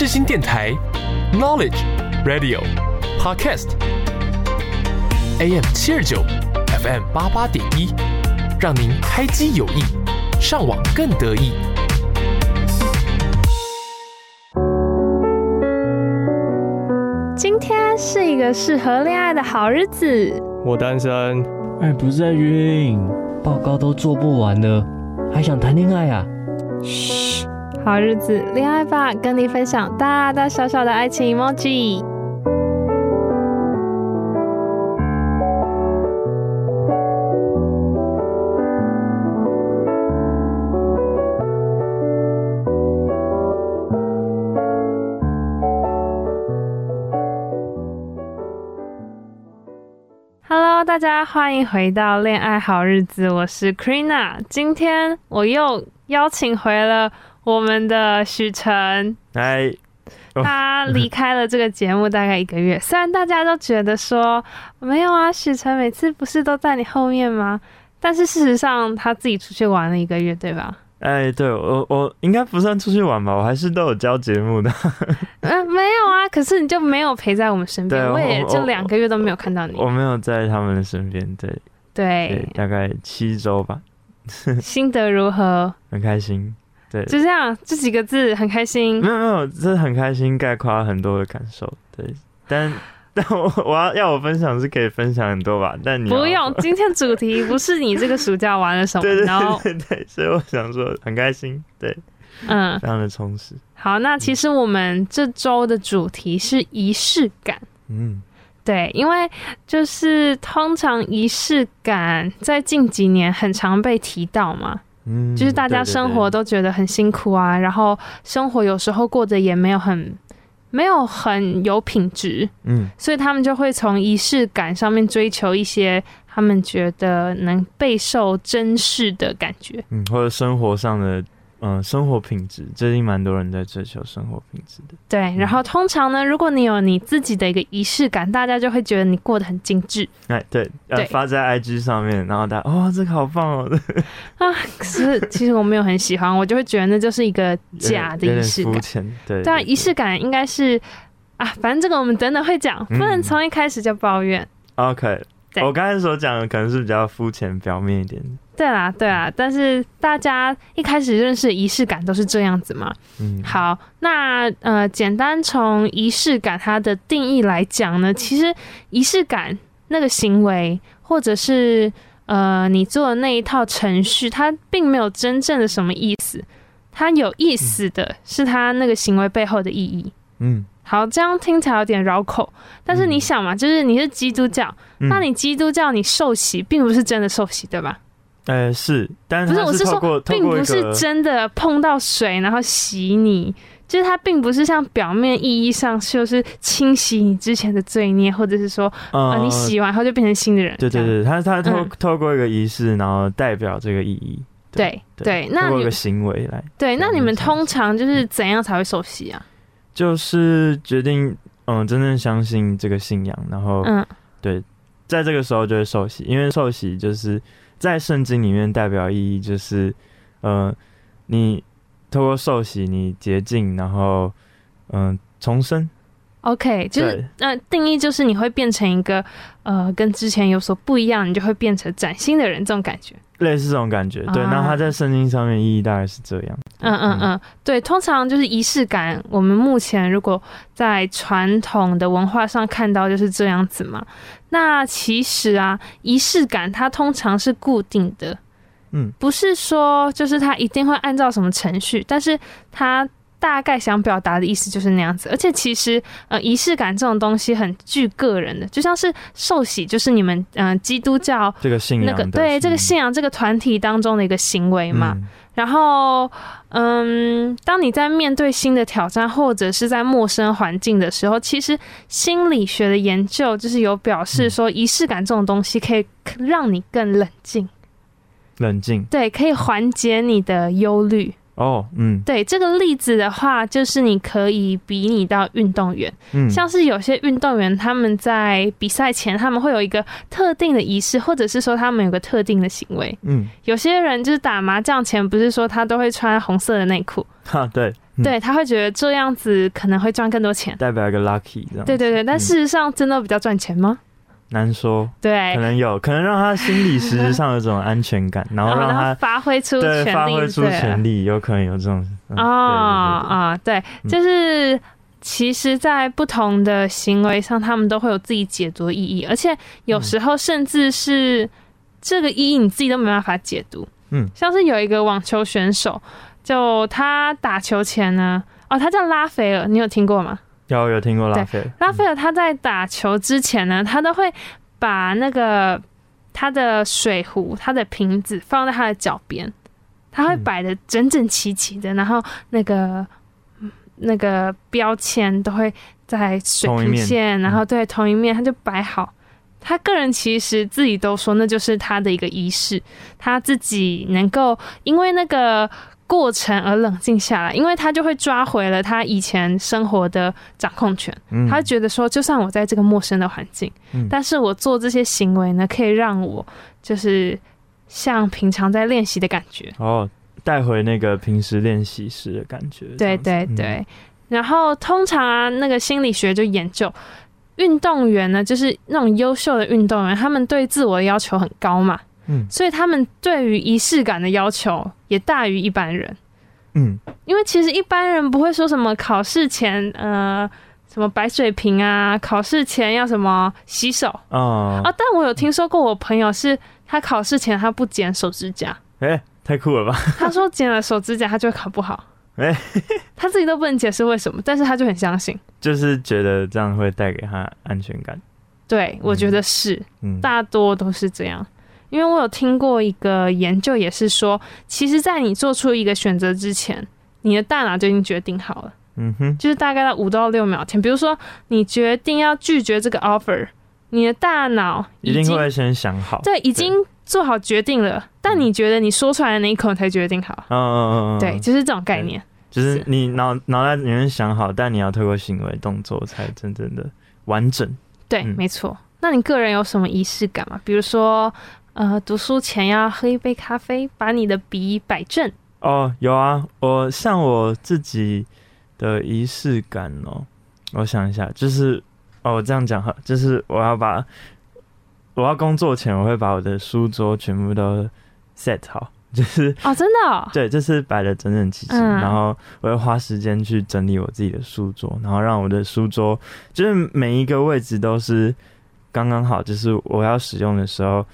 最新電臺，Knowledge Radio Podcast，AM 七二九，FM 八八點一，讓您開機有益，上網更得意。今天是一個適合戀愛的好日子。我單身，愛、哎、不在運，報告都做不完了，還想談戀愛啊？噓。好日子，戀愛吧，跟你分享大大小小的愛情 emoji。Hello，大家，歡迎回到戀愛好日子，我是 Queena，今天我又邀請回了。我們的許宸，哎，Hi , oh, 他離開了這個節目大概一個月。嗯、雖然大家都覺得說沒有啊，許宸每次不是都在你後面嗎？但是事實上他自己出去玩了一個月，對吧？哎，對，我我應該不算出去玩吧，我還是都有教節目的。 嗯，沒有啊，可是你就沒有陪在我們身邊，對我也就兩個月都沒有看到你我我。我沒有在他們的身邊，對對，對，大概七周吧。 心得如何？很開心。對，就這樣，這幾個字，很開心。沒有沒有，真的很開心，概括了很多的感受。對，但但我我要要我分享是可以分享很多吧？但你好好不用，今天主題不是你這個暑假玩了什麼？ 對對對對，所以我想說很開心，對，嗯，非常的充實。好，那其實我們這週的主題是儀式感。嗯，對，因為就是通常儀式感在近幾年很常被提到嘛。就是大家生活都覺得很辛苦啊，嗯、對對對，然後生活有時候過得也沒有很沒有很有品質，嗯，所以他們就會從儀式感上面追求一些他們覺得能備受珍視的感覺，嗯，或者生活上的。嗯，生活品質最近蠻多人在追求生活品質的。對，然後通常呢，如果你有你自己的一個儀式感，大家就會覺得你過得很精緻。哎，對，對要發在 IG 上面，然後大家哦，這個好棒哦。啊，可是其實我沒有很喜歡， 我就會覺得那就是一個假的儀式感。膚淺，對，對，對但儀式感應該是啊，反正這個我們等等會講，不能從一開始就抱怨。嗯、OK，對我剛才所講的可能是比較膚淺、表面一點的。對啦、啊，對啦、啊，但是大家一開始認識儀式感都是這樣子嘛。嗯，好，那呃，簡單從儀式感它的定義來講呢，其實儀式感那個行為或者是呃你做的那一套程序，它並沒有真正的什麼意思。它有意思的是它那個行為背後的意義。嗯，好，這樣聽起來有點繞口，但是你想嘛，就是你是基督教，嗯、那你基督教你受洗並不是真的受洗，對吧？呃、欸，是，但是不是？我是說，並不是真的碰到水然後洗你，嗯、洗你，就是它並不是像表面意義上，就是清洗你之前的罪孽，或者是說啊、嗯哦，你洗完後就變成新的人。對對對，他他透透過一個儀式，然後代表這個意義。對、嗯、對，對對那你，個行為來。對，那你們通常就是怎樣才會受洗啊？嗯、就是決定嗯，真正相信這個信仰，然後嗯，對，在這個時候就會受洗，因為受洗就是。在聖經裡面代表意義就是，呃，你透過受洗，你潔淨，然後嗯、呃、重生。OK，就是那對、呃、定義就是你會變成一個呃跟之前有所不一樣，你就會變成嶄新的人這種感覺，類似這種感覺。對，那、啊、它在聖經上面意義大概是這樣。嗯嗯嗯，嗯對，通常就是儀式感。我們目前如果在傳統的文化上看到就是這樣子嘛。那其實啊，儀式感它通常是固定的，嗯，不是說就是它一定會按照什麼程序，但是它大概想表達的意思就是那樣子。而且其實，呃，儀式感這種東西很具個人的，就像是受洗，就是你們嗯、呃、基督教、那個、這個信仰的，對這個信仰這個團體當中的一個行為嘛。嗯然後，嗯，當你在面對新的挑戰或者是在陌生環境的時候，其實心理學的研究就是有表示說，儀式感這種東西可以讓你更冷靜、冷靜，對，可以緩解你的憂慮。哦，oh, 嗯，對，這個例子的話，就是你可以比擬到運動員，嗯，像是有些運動員他們在比賽前他們會有一個特定的儀式，或者是說他們有個特定的行為。嗯，有些人就是打麻將前不是說他都會穿紅色的內褲？哈，啊，對，嗯，對，他會覺得這樣子可能會賺更多錢，代表一個 lucky。對對對，但事實上真的比較賺錢嗎？嗯難說，對，可能有可能讓他心裡實質上有種安全感， 然後讓他、哦、然後發揮出對發揮出潛力，有可能有這種啊啊、嗯哦哦，對，就是其實，在不同的行為上，嗯、他們都會有自己解讀的意義，而且有時候甚至是這個意義你自己都沒辦法解讀，嗯，像是有一個網球選手，就他打球前呢，哦，他叫拉斐爾，你有聽過嗎？有有聽過拉斐、拉斐爾，他在打球之前呢，嗯、他都會把那個他的水壺、他的瓶子放在他的腳邊，他會擺得整整齊齊的，嗯、然後那個那個標籤都會在水平線，然後對同一面他就擺好。嗯、他個人其實自己都說，那就是他的一個儀式，他自己能夠因為那個。過程而冷靜下來，因為他就會抓回了他以前生活的掌控權。嗯、他覺得說，就算我在這個陌生的環境，嗯、但是我做這些行為呢，可以讓我就是像平常在練習的感覺。哦，帶回那個平時練習時的感覺。對對對，嗯、然後通常、啊、那個心理學就研究運動員呢，就是那種優秀的運動員，他們對自我的要求很高嘛。嗯、所以他們對於儀式感的要求也大於一般人。嗯，因為其實一般人不會說什麼考試前，呃，什麼擺水瓶啊，考試前要什麼洗手啊，哦，啊。但我有聽說過，我朋友是他考試前他不剪手指甲。哎，欸，太酷了吧？ 他說剪了手指甲他就會考不好。哎，欸， 他自己都不能解釋為什麼，但是他就很相信，就是覺得這樣會帶給他安全感。對，我覺得是，嗯、大多都是這樣。因為我有聽過一個研究，也是說，其實，在你做出一個選擇之前，你的大腦就已經決定好了。嗯哼，就是大概在五到六秒前。比如說，你決定要拒絕這個 offer，你的大腦一定會先想好。對，已經做好決定了。對但你覺得你說出來的那一刻你才決定好。嗯嗯嗯，對，就是這種概念。對是，就是你腦腦袋裡面想好，但你要透過行為動作才真正的完整。嗯、對，沒錯。那你個人有什麼儀式感嗎？比如說。呃，讀書前要喝一杯咖啡，把你的筆擺正。哦，有啊，我像我自己的儀式感哦。我想一下，就是哦，我這樣講哈，就是我要把我要工作前，我會把我的書桌全部都 set 好，就是哦，真的哦，對，就是擺的整整齊齊。嗯啊。然後我會花時間去整理我自己的書桌，然後讓我的書桌就是每一個位置都是剛剛好，就是我要使用的時候。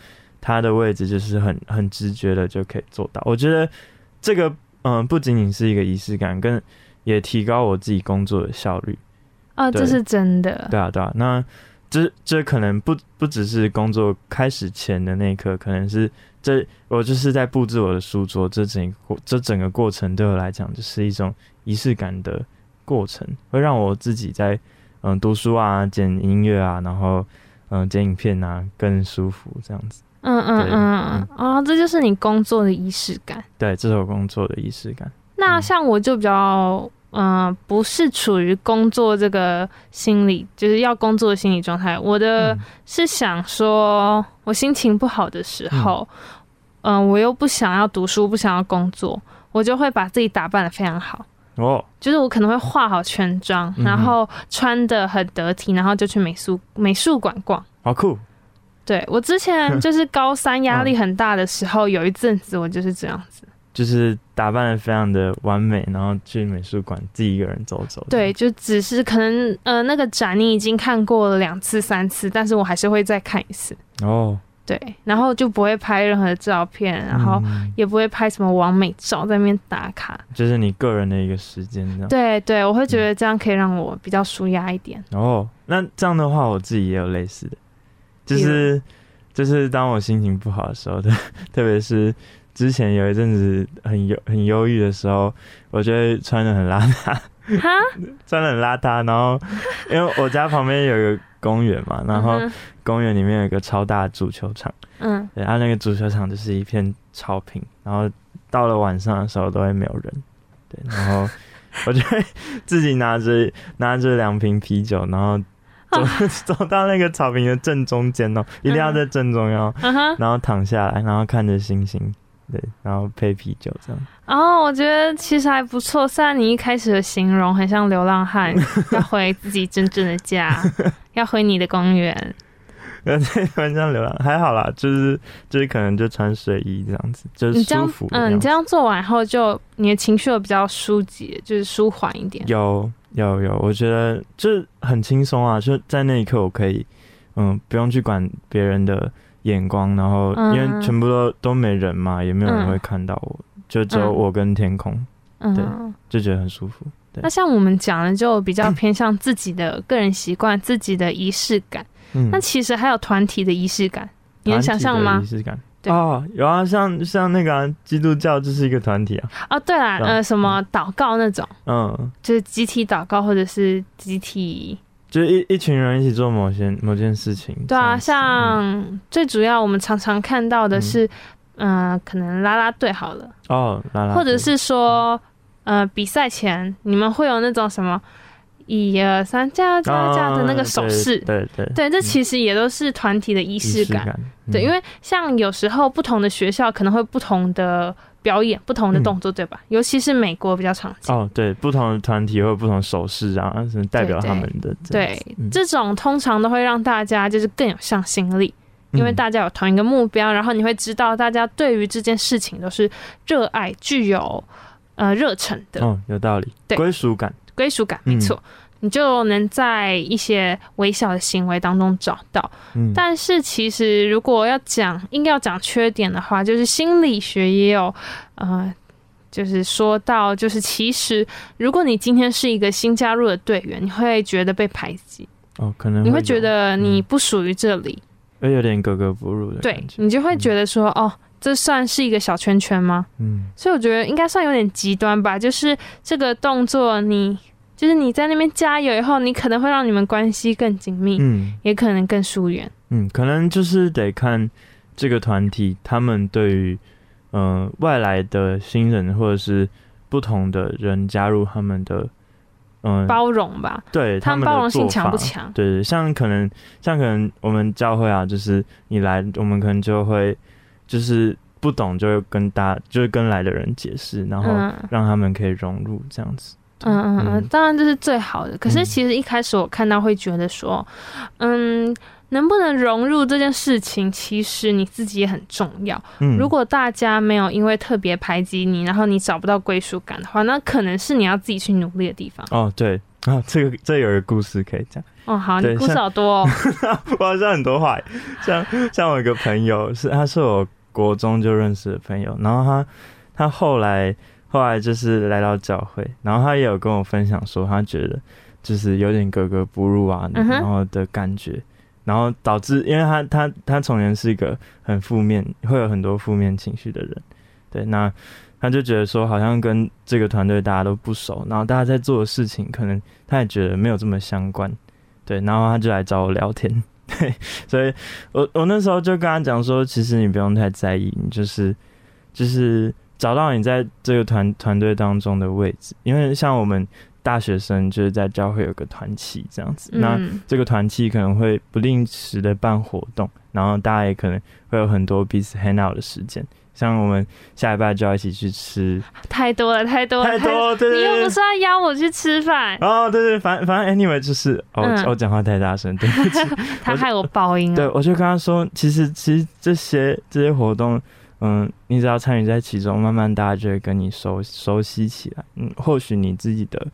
他的位置就是很很直覺的就可以做到。我覺得這個嗯、呃，不僅僅是一個儀式感，更也提高我自己工作的效率。啊、哦，對這是真的。對啊，對啊。那這這可能不不只是工作開始前的那一刻，可能是這我就是在布置我的書桌，這整個這整個過程對我來講就是一種儀式感的過程，會讓我自己在嗯、呃、讀書啊、剪音樂啊，然後嗯、呃、剪影片啊更舒服這樣子。嗯對嗯嗯啊、哦，這就是你工作的儀式感。對，這是我工作的儀式感。那像我就比較，嗯、呃，不是處於工作這個心理，就是要工作的心理狀態。我的是想說，我心情不好的時候，嗯、呃，我又不想要讀書，不想要工作，我就會把自己打扮得非常好。哦，就是我可能會化好全妝，嗯、哼然後穿得很得體，然後就去美術美術館逛。好酷。對，我之前就是高三壓力很大的時候，哦、有一陣子我就是這樣子，就是打扮得非常的完美，然後去美術館自己一個人走走。對，就只是可能呃那個展你已經看過了兩次三次，但是我還是會再看一次。哦，對，然後就不會拍任何的照片，然後也不會拍什麼完美照在那邊打卡、嗯，就是你個人的一個時間這樣。對對，我會覺得這樣可以讓我比較舒壓一點、嗯。哦，那這樣的話我自己也有類似的。就是就是，就是、當我心情不好的時候，對，特別是之前有一陣子很憂很憂鬱的時候，我就會穿得很邋遢，蛤穿得很邋遢，然後因為我家旁邊有一個公園嘛，然後公園裡面有一個超大的足球場，嗯哼，然後、啊、那個足球場就是一片草坪，然後到了晚上的時候都會沒有人，對，然後我就會自己拿着拿着兩瓶啤酒，然後。 走到那個草坪的正中間哦、喔，一定要在正中央，嗯、然後躺下來，然後看着星星，對，然後配啤酒這樣。哦，oh, 我覺得其實還不錯，雖然你一開始的形容很像流浪漢， 要回自己真正的家， 要回你的公園。對，很像流浪，還好啦，就是就是可能就穿睡衣這樣子，就是舒服樣，你這樣。嗯，你這樣做完後就，就你的情緒比較舒解，就是舒緩一點。有。有有，我覺得就很輕鬆啊！就在那一刻，我可以，嗯，不用去管別人的眼光，然後、嗯、因為全部都都沒人嘛，也沒有人會看到我，嗯、就只有我跟天空，嗯、對，就覺得很舒服。那像我們講的，就比較偏向自己的個人習慣、 自己的儀式感。那、嗯、其實還有團體的儀式感，儀式感。你能想象嗎？對哦，有啊，像像那個、啊、基督教就是一個團體啊。哦，對啦，啊、呃，什麼禱告那種，嗯，就是集體禱告，或者是集體，就一一群人一起做某些某件事情。對啊，像最主要我們常常看到的是，嗯、呃，可能拉拉隊好了，哦，拉拉或者是說，嗯、呃，比賽前你們會有那種什麼？一、二、三，這樣這樣這樣的那個手勢、哦，對對對，對對嗯、這其實也都是團體的儀式感。儀式感嗯、對，因為像有時候不同的學校可能會不同的表演、不同的動作，嗯、對吧？尤其是美國比較常見。哦，對，不同的團體會有不同手勢然後是代表他們的。對,對,嗯、對，這種通常都會讓大家就是更有向心力，嗯、因為大家有同一個目標，然後你會知道大家對於這件事情都是熱愛、具有呃熱忱的。嗯、哦，有道理。對，歸屬感。歸屬感沒錯，嗯、你就能在一些微小的行為當中找到。嗯、但是其實如果要講，硬要講缺點的話，就是心理學也有，啊、呃。就是說到，就是其實如果你今天是一個新加入的隊員，你會覺得被排擠哦，可能會有，你會覺得你不屬於這裡，嗯、有點格格不入的感覺，對你就會覺得說哦。這算是一個小圈圈嗎？嗯，所以我覺得應該算有點極端吧。就是這個動作你，你就是你在那邊加油以後，你可能會讓你們關係更緊密，嗯，也可能更疏遠，嗯，可能就是得看這個團體他們對於嗯、呃、外來的新人或者是不同的人加入他們的嗯、呃、包容吧，對他們包容性強不強？對對，像可能像可能我們教會啊，就是你來，我們可能就會。就是不懂就會跟大就是跟來的人解釋，然後讓他們可以融入這樣子。嗯嗯嗯，對嗯當然這是最好的。可是其實一開始我看到會覺得說，嗯，嗯，能不能融入這件事情，其實你自己也很重要。嗯，如果大家沒有因為特別排擠你，然後你找不到歸屬感的話，那可能是你要自己去努力的地方。哦，對啊、哦，這個這有一個故事可以講。哦，好，對你故事好多、哦。像 我好像很多話，像像我一個朋友是，他是我。國中就認識的朋友，然後他，他後來，後來就是來到教會，然後他也有跟我分享說，他覺得就是有點格格不入啊，然後的感覺，然後導致，因為他，他，他從前是一個很負面，會有很多負面情緒的人，對，那他就覺得說，好像跟這個團隊大家都不熟，然後大家在做的事情，可能他也覺得沒有這麼相關，對，然後他就來找我聊天。對，所以我我那時候就跟他講說，其實你不用太在意，你就是就是找到你在這個團團隊當中的位置，因為像我們大學生就是在教會有個團契這樣子，嗯、那這個團契可能會不定時的辦活動。然後大家也可能會有很多彼此 hang out 的時間，像我們下禮拜就要一起去吃，太多了，太多了，太多，你又不是要邀我去吃飯。哦，對，對對，反正反正 anyway 就是、嗯哦、我我講話太大聲，對不起， 他害我爆音了、啊。對我就跟他說，其實其實這些這些活動，嗯，你只要參與在其中，慢慢大家就會跟你熟熟悉起來。嗯，或許你自己的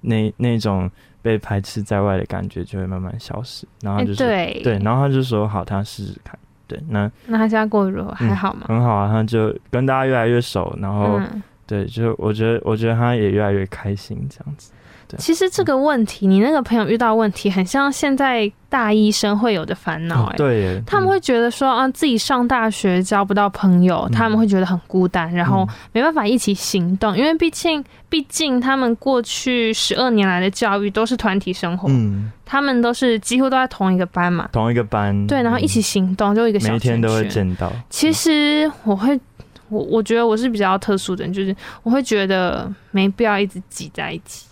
那那種。被排斥在外的感覺就會慢慢消失，然後他就是、欸、對，對，然後他就說好，他試試看，對，那那他現在過得如何？嗯、還好嗎？很好啊，他就跟大家越來越熟，然後、嗯、對，就我覺得，我覺得他也越來越開心，這樣子。其實這個問題，你那個朋友遇到問題，很像現在大醫生會有的煩惱、欸。哎、哦，對，他們會覺得說、嗯、啊，自己上大學交不到朋友，嗯、他們會覺得很孤單，然後沒辦法一起行動，嗯、因為畢竟，畢竟他們過去十二年來的教育都是團體生活，嗯，他們都是幾乎都在同一個班嘛，同一個班，對，然後一起行動、嗯、就一個小圈圈。每天都會見到。其實我會，我我覺得我是比較特殊的，就是我會覺得沒必要一直擠在一起。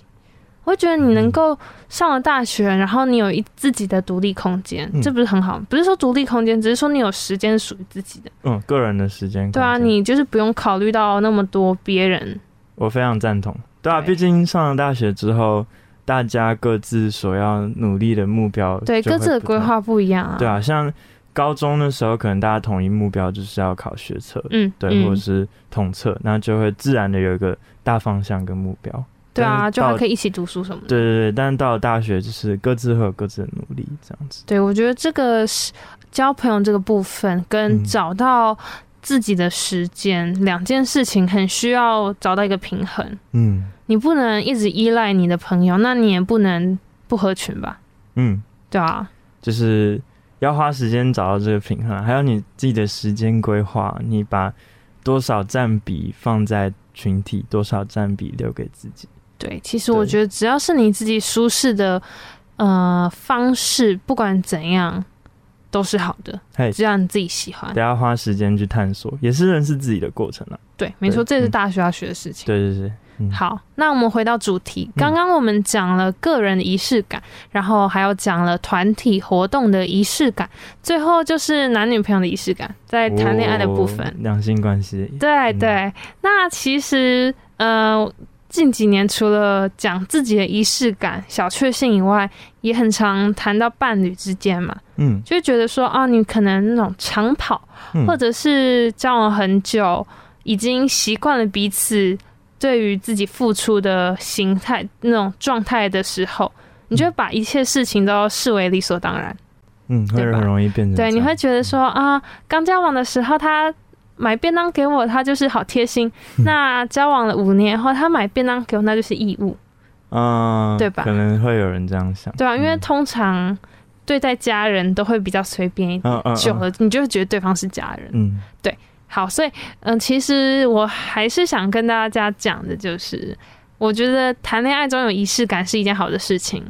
我覺得你能夠上了大學，嗯、然後你有一自己的獨立空間，嗯、這不是很好？不是說獨立空間，只是說你有時間屬於自己的，嗯，個人的時間。對啊，你就是不用考慮到那麼多別人。我非常贊同，對啊，對、畢竟上了大學之後，大家各自所要努力的目標，對各自的規劃不一樣啊。對啊，像高中的時候，可能大家統一目標就是要考學測，嗯，對，或者是統測，嗯、那就會自然的有一個大方向跟目標。對啊，就還可以一起讀書什麼的。對對對，但是到了大學，就是各自會有各自的努力這樣子。對，我覺得這個是交朋友這個部分跟找到自己的時間兩、嗯、件事情，很需要找到一個平衡。嗯，你不能一直依賴你的朋友，那你也不能不合群吧？嗯，對啊，就是要花時間找到這個平衡，還有你自己的時間規劃，你把多少占比放在群體，多少占比留給自己。對，其實我覺得只要是你自己舒適的對呃方式，不管怎樣都是好的，hey, 只要你自己喜歡。得要花時間去探索，也是認識自己的過程了、啊。對，沒錯，對這是大學要學的事情。嗯、對對、就、對、是。嗯、好，那我們回到主題。剛剛我們講了個人的儀式感，嗯、然後還有講了團體活動的儀式感，最後就是男女朋友的儀式感，在談戀愛的部分，兩、哦、性關係。對、嗯、對，那其實呃。近幾年，除了講自己的儀式感、小確幸以外，也很常談到伴侶之間嘛。嗯，就會覺得說啊，你可能那種長跑，或者是交往很久，已經習慣了彼此對於自己付出的形態、那種狀態的時候，你就會把一切事情都視為理所當然。嗯，對吧？會容易變成對，對，你會覺得說啊，剛交往的時候他。買便當給我，他就是好貼心。那交往了五年後，他買便當給我，那就是義務，嗯，對吧？可能會有人這樣想，對啊。嗯、因為通常對待家人都會比較隨便一點，久了、哦哦哦、你就會覺得對方是家人。嗯，對。好，所以嗯，其實我還是想跟大家講的，就是我覺得談戀愛中有儀式感是一件好的事情，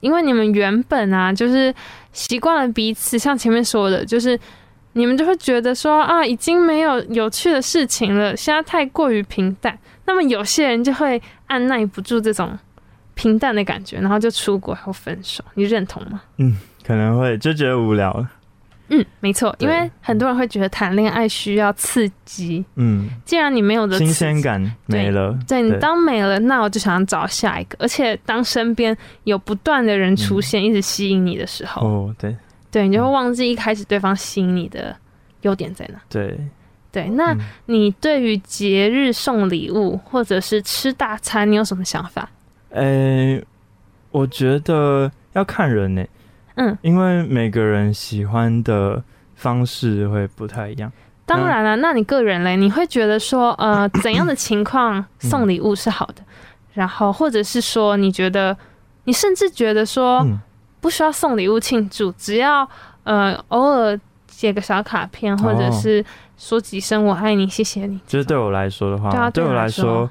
因為你們原本啊，就是習慣了彼此，像前面說的，就是。你們就會覺得說啊，已經沒有有趣的事情了，現在太過於平淡。那麼有些人就會按捺不住這種平淡的感覺，然後就出國後分手。你認同嗎？嗯，可能會就覺得無聊了。嗯，沒錯，對因為很多人會覺得談戀愛需要刺激。嗯，既然你沒有的，新鮮感沒了對。對，你當沒了，對那我就想找下一個。而且當身邊有不斷的人出現，嗯、一直吸引你的時候，哦，對。對，你就會忘記一開始對方吸引你的優點在哪。對，對，那你對於節日送禮物、嗯、或者是吃大餐，你有什麼想法？誒、欸，我覺得要看人呢、欸。嗯，因為每個人喜歡的方式會不太一樣。當然了、啊，那，那你個人嘞，你會覺得說，呃，怎樣的情況送禮物是好的？嗯、然後，或者是說，你覺得，你甚至覺得說。嗯不需要送禮物慶祝，只要呃偶爾寫個小卡片，或者是說幾聲“我愛你”“謝謝你”。就是對我來說的話，對，對我來說，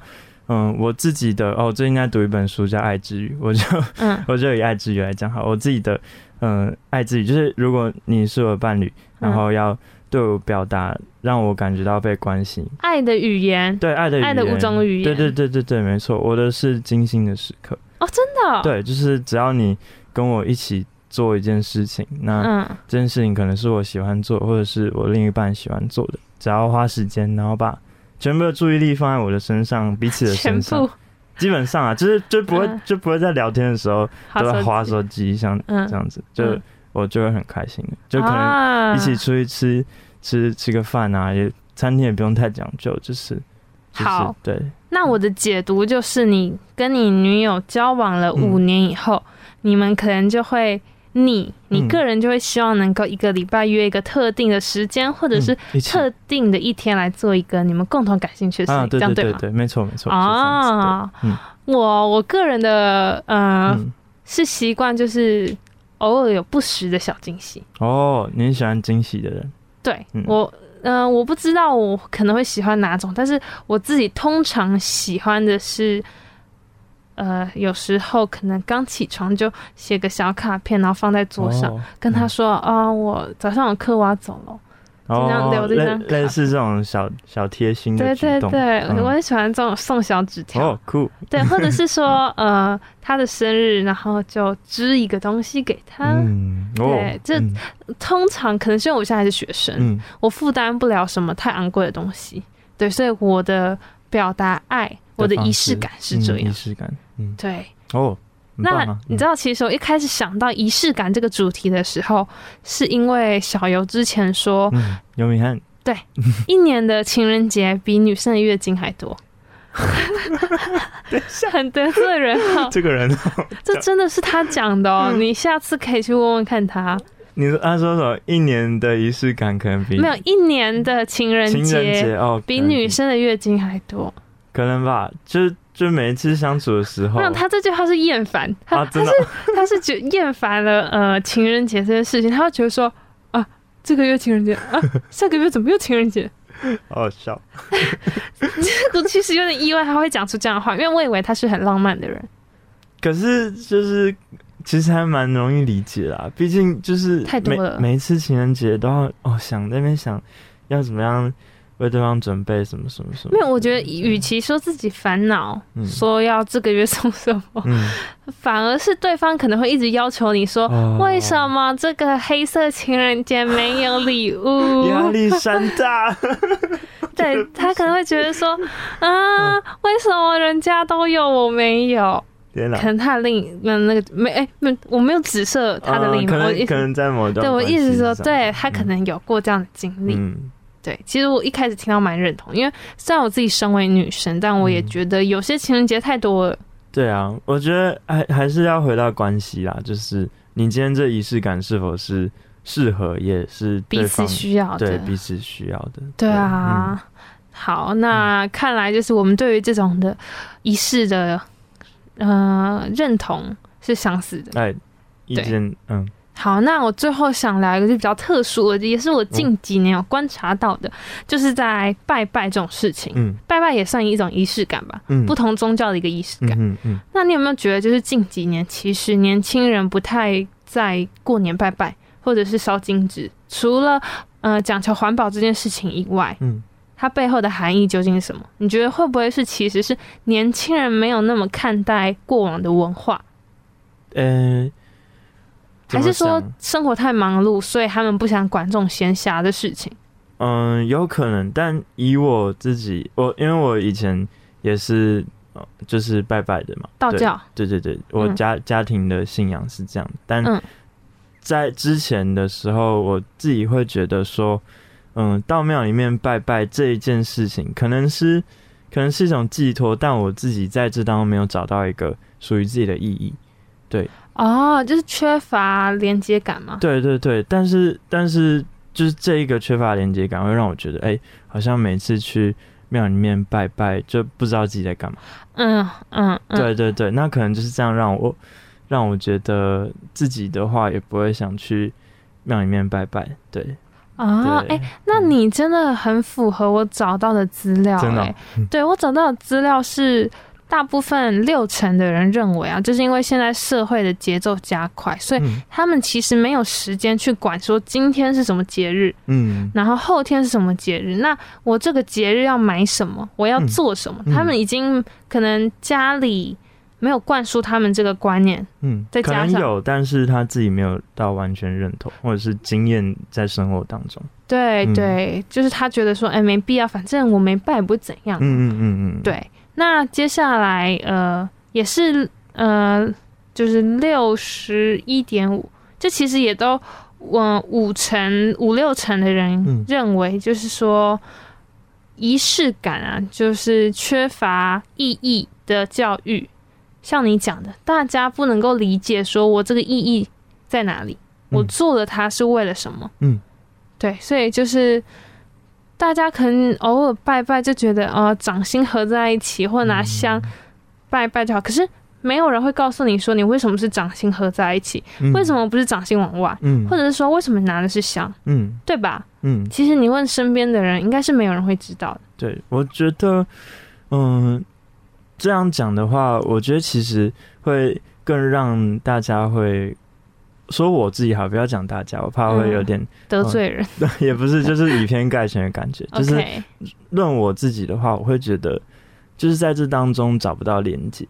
嗯，我自己的哦，我最應該讀一本書叫《愛之語》，我就、嗯、我就以《愛之語》來講，好，我自己的嗯，愛之語就是，如果你是我的伴侶，然後要對我表達，讓我感覺到被關心。嗯、愛的語言，對愛的愛的五種語言，對對對對對，沒錯，我的是精心的時刻哦，真的、哦，對，就是只要你。跟我一起做一件事情，那這件事情可能是我喜歡做，或者是我另一半喜歡做的。只要花時間，然後把全部的注意力放在我的身上，彼此的身上，全部 基本上啊，就是就不會、嗯、就不會在聊天的時候都在滑手機，像這樣子，就我就會很開心、嗯、就可能一起出去吃吃吃個飯啊，也餐廳也不用太講究，就是。好，對。那我的解讀就是，你跟你女友交往了五年以後，嗯、你們可能就會膩，嗯、你個人就會希望能夠一個禮拜約一個特定的時間，或者是特定的一天來做一個你們共同感興趣的事情，這樣、嗯啊、對不對？對，對，對嗎？沒錯，沒錯。啊，哦嗯、我我個人的呃、嗯、是習慣就是偶爾有不時的小驚喜。哦，你很喜歡驚喜的人。對、嗯、我。嗯、呃，我不知道我可能會喜歡哪種，但是我自己通常喜歡的是，呃，有時候可能剛起床就寫個小卡片，然後放在桌上，哦、跟他說啊、嗯哦，我早上有課我要走了。哦，類類似這種小小貼心的舉動，對對對，我很喜歡這種送小紙條。哦，酷。對，或者是說，呃，他的生日，然後就織一個東西給他。嗯，哦。對，這通常可能是因為我現在還是學生，我負擔不了什麼太昂貴的東西。對，所以我的表達愛，我的儀式感是這樣。儀式感，嗯，對。哦。那你知道，其實我一開始想到儀式感這個主題的時候，嗯、是因為小游之前說，尤、嗯、米漢對 一年的情人節比女生的月經還多， 下很得罪人啊！這個人，這真的是他講的、喔，哦、嗯。你下次可以去問問看他。你說他說什麼？一年的儀式感可能比沒有一年的情人節哦，比女生的月經還多，哦、可,能可能吧？就。是。就每一次相處的時候，沒有他這句話是厭煩、啊，他是他是覺得厭煩了呃情人節這件事情，他會覺得說啊這個月情人節啊 下個月怎麼又情人節？好好笑，我 其實有點意外他會講出這樣的話，因為我以為他是很浪漫的人。可是就是其實還蠻容易理解啦，畢竟就是太多了。每一次情人節都要哦想那邊想要怎麼樣。為對方準備什麼什麼什麼？沒有，我覺得與其說自己煩惱，說要這個月送什麼，反而是對方可能會一直要求你說，為什麼這個黑色情人節沒有禮物？壓力山大。對，他可能會覺得說，啊，為什麼人家都有我沒有？可能他另嗯，那個沒，哎，我沒有紫色他的禮物，可能在某段對我一直說，對他可能有過這樣的經歷。對，其實我一開始聽到蠻認同，因為雖然我自己身為女生，但我也覺得有些情人節太多了。嗯、對啊，我覺得還還是要回到關係啦，就是你今天這儀式感是否是適合，也是彼此需要的，對，彼此需要的。對，對啊，嗯、好，那看來就是我們對於這種的儀式的，嗯、呃，認同是相似的。哎，意見，對嗯。好，那我最後想聊一個就比較特殊的，也是我近幾年有觀察到的，嗯、就是在拜拜這種事情，嗯，拜拜也算一種儀式感吧，嗯，不同宗教的一個儀式感，嗯嗯，那你有沒有覺得，就是近幾年其實年輕人不太在過年拜拜，或者是燒金紙，除了呃講求環保這件事情以外，嗯，它背後的含義究竟是什麼？你覺得會不會是其實是年輕人沒有那麼看待過往的文化？嗯、呃。還是說生活太忙碌，所以他們不想管這種閒暇的事情。嗯，有可能，但以我自己，我，因為我以前也是，就是拜拜的嘛，道教，對，對對對，我家、嗯、家庭的信仰是這樣。但在之前的時候，我自己會覺得說，嗯，到廟裡面拜拜這一件事情，可能是可能是一種寄託，但我自己在這當中沒有找到一個屬於自己的意義，對。哦，oh, 就是缺乏連接感嘛？對對對，但是但是就是這一個缺乏連接感，會讓我覺得，哎、欸，好像每次去廟裡面拜拜，就不知道自己在幹嘛。嗯嗯，嗯嗯對對對，那可能就是這樣，讓我讓我覺得自己的話，也不會想去廟裡面拜拜。對啊，哎，那你真的很符合我找到的資料、欸、真的 對我找到的資料是。大部分六成的人認為啊，就是因為現在社會的節奏加快，所以他們其實沒有時間去管說今天是什麼節日，嗯，然後後天是什麼節日。那我這個節日要買什麼，我要做什麼？嗯嗯、他們已經可能家裡沒有灌輸他們這個觀念，嗯，再加上可能有，但是他自己沒有到完全認同，或者是經驗在生活當中，對對，對嗯、就是他覺得說，哎、欸，沒必要，反正我沒拜也不會怎樣，嗯，嗯嗯嗯嗯，對。那接下來，呃，也是呃，就是六十一點五，這其實也都，嗯、呃，五成五六成的人認為，就是說，儀、嗯、式感啊，就是缺乏意義的教育，像你講的，大家不能夠理解，說我這個意義在哪裡？嗯、我做了它是為了什麼？嗯，對，所以就是。大家可能偶爾拜拜就覺得啊、呃，掌心合在一起，或拿香、嗯、拜拜就好。可是沒有人會告訴你說，你為什麼是掌心合在一起，嗯、為什麼不是掌心往外，嗯、或者是說為什麼拿的是香，嗯、對吧？嗯，其實你問身邊的人，應該是沒有人會知道的。對，我覺得，嗯，這樣講的話，我覺得其實會更讓大家會。說我自己好，不要講大家，我怕會有點、嗯、得罪人。嗯、也不是，就是以偏概全的感覺。 就是論我自己的話，我會覺得，就是在這當中找不到連接。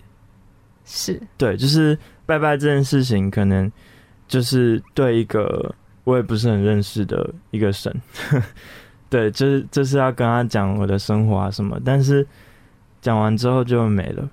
是。對，就是拜拜這件事情，可能就是對一個我也不是很認識的一個神。 對，就是就是要跟他講我的生活啊什麼，但是講完之後就沒了。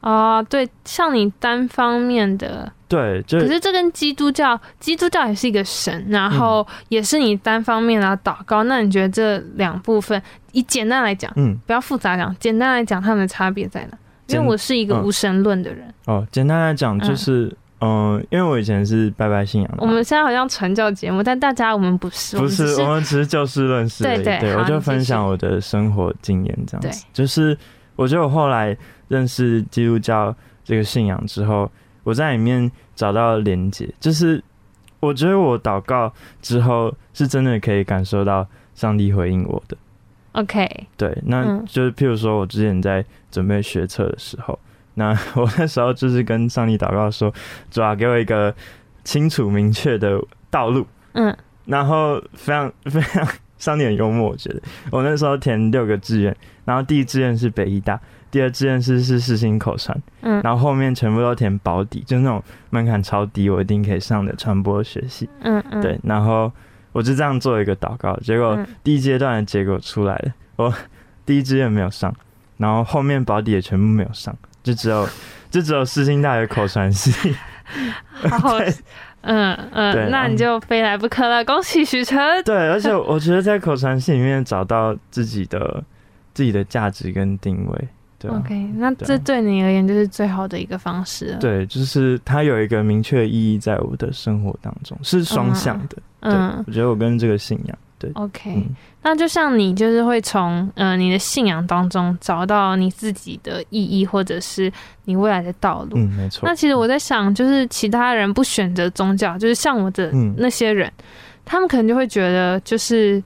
啊，oh, 對，像你單方面的對，就可是這跟基督教，基督教也是一個神，然後也是你單方面的、啊、禱告。嗯、那你覺得這兩部分，以簡單來講，嗯，不要複雜講，簡單來講，他們的差別在哪？簡因為我是一個無神論的人。嗯、哦，簡單來講就是，嗯，嗯，因為我以前是拜拜信仰的。我們現在好像傳教節目，但大家我們不是，不是，我們只是就事論事。 對對，對，我就分享我的生活經驗這樣子。對就是我覺得我後來，認識基督教這個信仰之後，我在裡面找到連接，就是我覺得我禱告之後是真的可以感受到上帝回應我的。OK，對，那就是譬如說我之前在準備學測的時候，嗯、那我那時候就是跟上帝禱告說：“主啊，給我一個清楚明確的道路。”嗯，然後非常非常，上帝很幽默，我覺得我那時候填六個志願，然後第一志願是北醫大。第二志願是是四星口傳，嗯，然後後面全部都填保底，就是、那種門檻超低，我一定可以上的傳播學系，嗯嗯，嗯對，然後我就這樣做一個禱告，結果第一階段的結果出來了，嗯、我第一志願沒有上，然後後面保底也全部沒有上，就只有 就只有世新大學口傳系，然後嗯好 對嗯，嗯對那你就非來不可了，恭喜許宸，對，而且我覺得在口傳系裡面找到自己的 自己的價值跟定位。啊、OK，那這對你而言就是最好的一個方式了。對，就是它有一個明確的意義在我的生活當中，是雙向的。嗯，啊、對嗯，我覺得我跟這個信仰對。OK、嗯、那就像你就是會從呃你的信仰當中找到你自己的意義，或者是你未來的道路。嗯，沒錯。那其實我在想，就是其他人不選擇宗教，就是像我的那些人，嗯、他們可能就會覺得就是。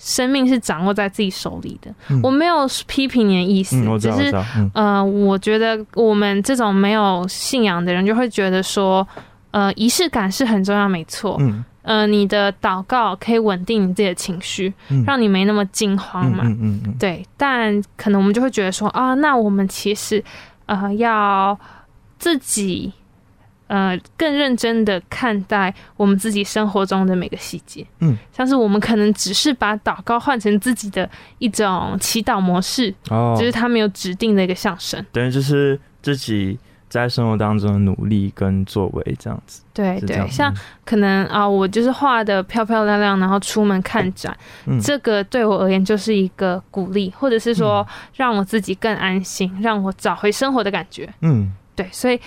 生命是掌握在自己手裡的，嗯、我沒有批評你的意思，只是、嗯嗯、呃，我覺得我們這種沒有信仰的人就會覺得說，呃，儀式感是很重要沒，沒錯，嗯，呃，你的禱告可以穩定你自己的情緒，嗯、讓你沒那麼驚慌嘛，嗯嗯，嗯嗯嗯對，但可能我們就會覺得說啊，那我們其實呃要自己。呃，更認真的看待我們自己生活中的每個細節，嗯，像是我們可能只是把禱告換成自己的一種祈禱模式，哦，就是他沒有指定的一個象徵，等於就是自己在生活當中的努力跟作為這樣子，對、對，像可能啊、呃，我就是畫得漂漂亮亮，然後出門看展，嗯、這個對我而言就是一個鼓勵，或者是說讓我自己更安心，嗯、讓我找回生活的感覺，嗯，對，所以。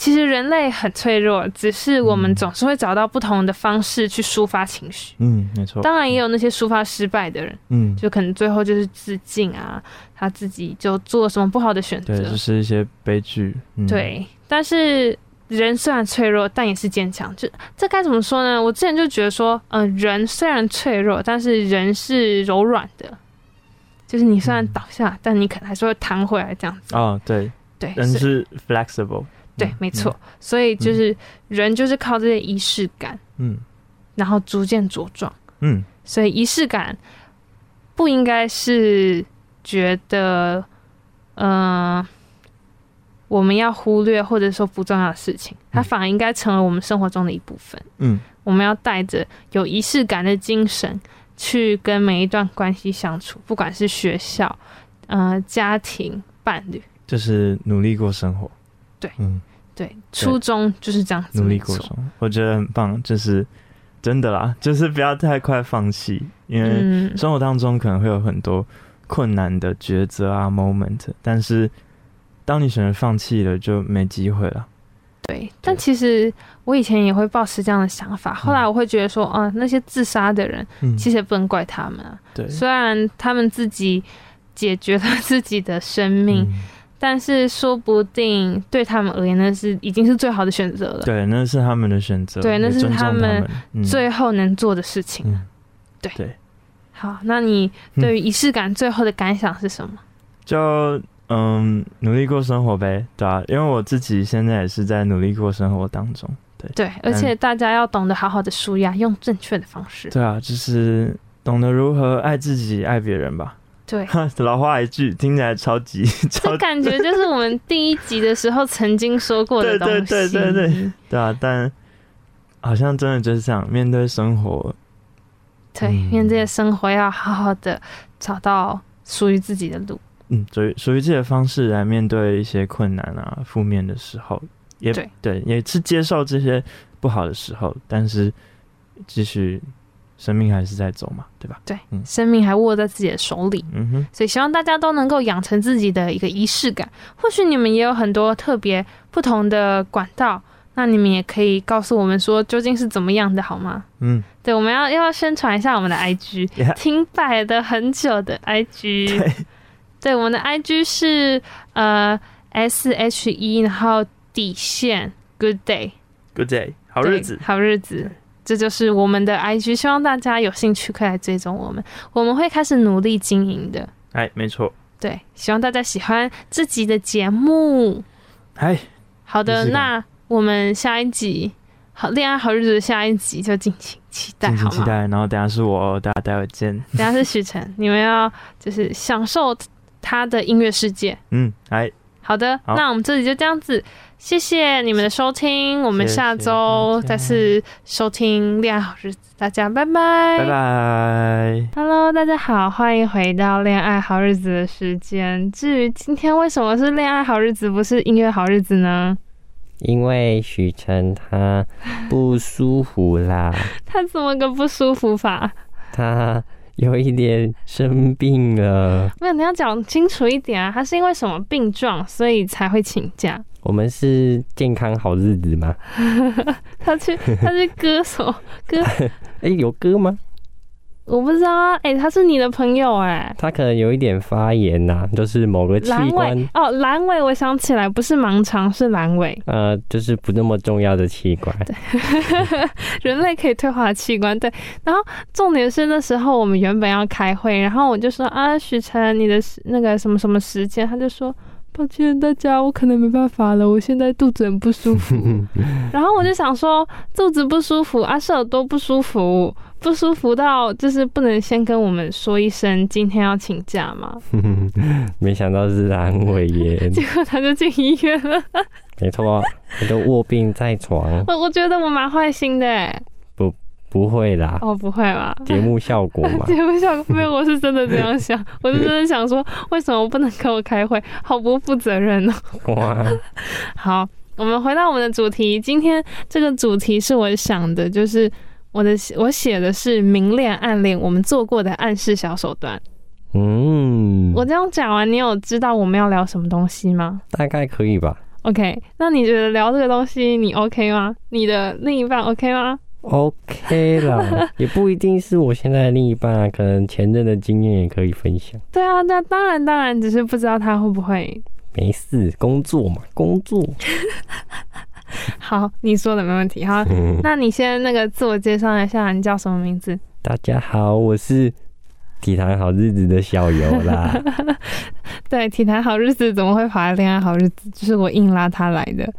其實人類很脆弱，只是我們總是會找到不同的方式去抒發情緒。嗯，沒錯。當然也有那些抒發失敗的人，嗯，就可能最後就是自盡啊，他自己就做了什麼不好的選擇，就是一些悲劇。嗯、對，但是人雖然脆弱，但也是堅強。就這該怎麼說呢？我之前就覺得說，嗯、呃，人雖然脆弱，但是人是柔軟的，就是你雖然倒下，嗯、但你可能還是會彈回來這樣子啊、哦。對，對，人是 flexible。對，沒錯，嗯、所以就是人就是靠這些儀式感，嗯，然後逐漸茁壯，嗯，所以儀式感不應該是覺得，嗯、呃，我們要忽略或者說不重要的事情，它反而應該成為我們生活中的一部分，嗯，我們要帶着有儀式感的精神去跟每一段關係相處，不管是學校、呃，家庭、伴侶，就是努力過生活。對，嗯，對，初中就是這樣子，努力過程我覺得很棒，就是真的啦，就是不要太快放棄，因為生活當中可能會有很多困難的抉擇啊、嗯、moment，但是當你選擇放棄了，就沒機會了。對，但其實我以前也會抱持這樣的想法，嗯、後來我會覺得說，啊、呃，那些自殺的人，嗯、其實也不能怪他們、啊，對，雖然他們自己解決了自己的生命。嗯但是說不定對他們而言，那是已經是最好的選擇了。對，那是他們的選擇。對，那是他們最後能做的事情。嗯、對。對。好，那你對於儀式感最後的感想是什麼？就嗯，努力過生活唄，對啊，因為我自己現在也是在努力過生活當中。對對，而且大家要懂得好好的舒壓，用正確的方式。對啊，就是懂得如何愛自己、愛別人吧。對， 老話一句，聽起來超級，超，這感覺就是我們第一集的時候曾經說過的東西。 對對對對對，對啊，但好像真的就是這樣，面對生活，對，面對生活要好好的找到屬於自己的路。嗯，屬於屬於自己的方式來面對一些困難啊，負面的時候也對，對，也是接受這些不好的時候，但是繼續。生命還是在走嘛，對吧？對，生命還握在自己的手裡。嗯哼，所以希望大家都能夠養成自己的一個儀式感。或許你們也有很多特別不同的管道，那你們也可以告訴我們說究竟是怎麼樣的，好嗎？嗯，對，我們要要宣傳一下我們的 IG，停擺的很久的 IG。對，對，我們的 IG 是呃 SHE，然後底線 Good Day，Good Day，好日子，好日子。這就是我們的 IG，希望大家有興趣可以來追蹤我們，我們會開始努力經營的。哎，沒錯，對，希望大家喜歡自己的節目。哎，好的，那我們下一集《好戀愛好日子》下一集就敬請期待，好，敬請期待。然後等下是我哦，大家待會見。等下是許宸。 你們要就是享受他的音樂世界。嗯，哎，好的，好，那我們這裡就這樣子。謝謝你們的收聽，謝謝，我們下周再次收聽《戀愛好日子》謝謝，大家拜拜，拜拜 bye。Hello，大家好，歡迎回到《戀愛好日子》的時間。至於今天為什麼是戀愛好日子，不是音樂好日子呢？因為許宸他不舒服啦。 他怎麼個不舒服法？他有一點生病了。沒有，你要講清楚一點啊！他是因為什麼病狀，所以才會請假？我們是健康好日子嗎？ 他去，他是歌手，歌誒、 欸，有歌嗎？我不知道啊，誒、欸，他是你的朋友哎、欸。他可能有一點發炎吶、啊，就是某個器官。位哦，闌尾，我想起來，不是盲腸，是闌尾。呃，就是不那麼重要的器官。對 人類可以退化的器官，對。然後重點是那時候我們原本要開會，然後我就說啊，許宸，你的那個什麼什麼時間？他就說。抱、啊、歉大家，我可能沒辦法了，我現在肚子很不舒服。 然後我就想說，肚子不舒服啊，耳朵不舒服，不舒服到就是不能先跟我們說一聲今天要請假嗎？ 沒想到是闌尾炎， 結果他就進醫院了。 沒錯、啊，我都臥病在床。 我我覺得我蠻壞心的。不會啦，哦，不會啦，節目效果嘛，節目效果，沒有 我是真的這樣想， 我是真的想說，為什麼不能給我開會？好不負責任哦。哇 ，好，我們回到我們的主題，今天這個主題是我想的，就是我的我寫的是明戀暗戀，我們做過的暗示小手段。嗯，我這樣講完，你有知道我們要聊什麼東西嗎？大概可以吧。OK，那你覺得聊這個東西你 OK 嗎？你的另一半 OK 嗎？OK 啦，也不一定是我現在的另一半啊， 可能前任的經驗也可以分享。對啊，那當然當然，只是不知道他會不會。沒事，工作嘛，工作。 好，你說的沒問題哈。 那你先那個自我介紹一下，你叫什麼名字？大家好，我是體壇好日子的小游啦。 對，體壇好日子怎麼會跑來戀愛好日子？就是我硬拉他來的。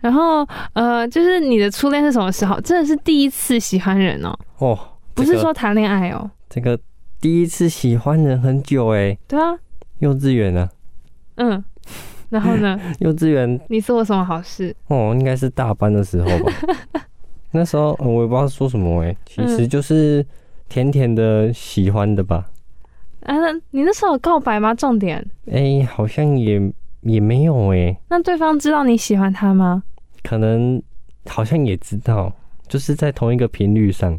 然後，呃，就是你的初戀是什麼時候？真的是第一次喜歡人哦。哦，這個、不是說談戀愛哦。這個第一次喜歡人很久哎。對啊。幼稚園呢、啊？嗯。然後呢？ 幼稚園。你做了什麼好事？哦，應該是大班的時候吧。 那時候我也不知道說什麼哎，其實就是甜甜的喜歡的吧。嗯、啊，那你那時候有告白嗎？重點。哎、欸，好像也。也沒有哎、欸，那對方知道你喜歡他嗎？可能好像也知道，就是在同一個頻率上。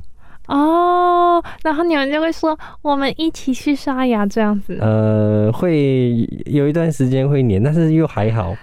哦，然後你們就會說，我們一起去刷牙這樣子。呃，會有一段時間會黏，但是又還好，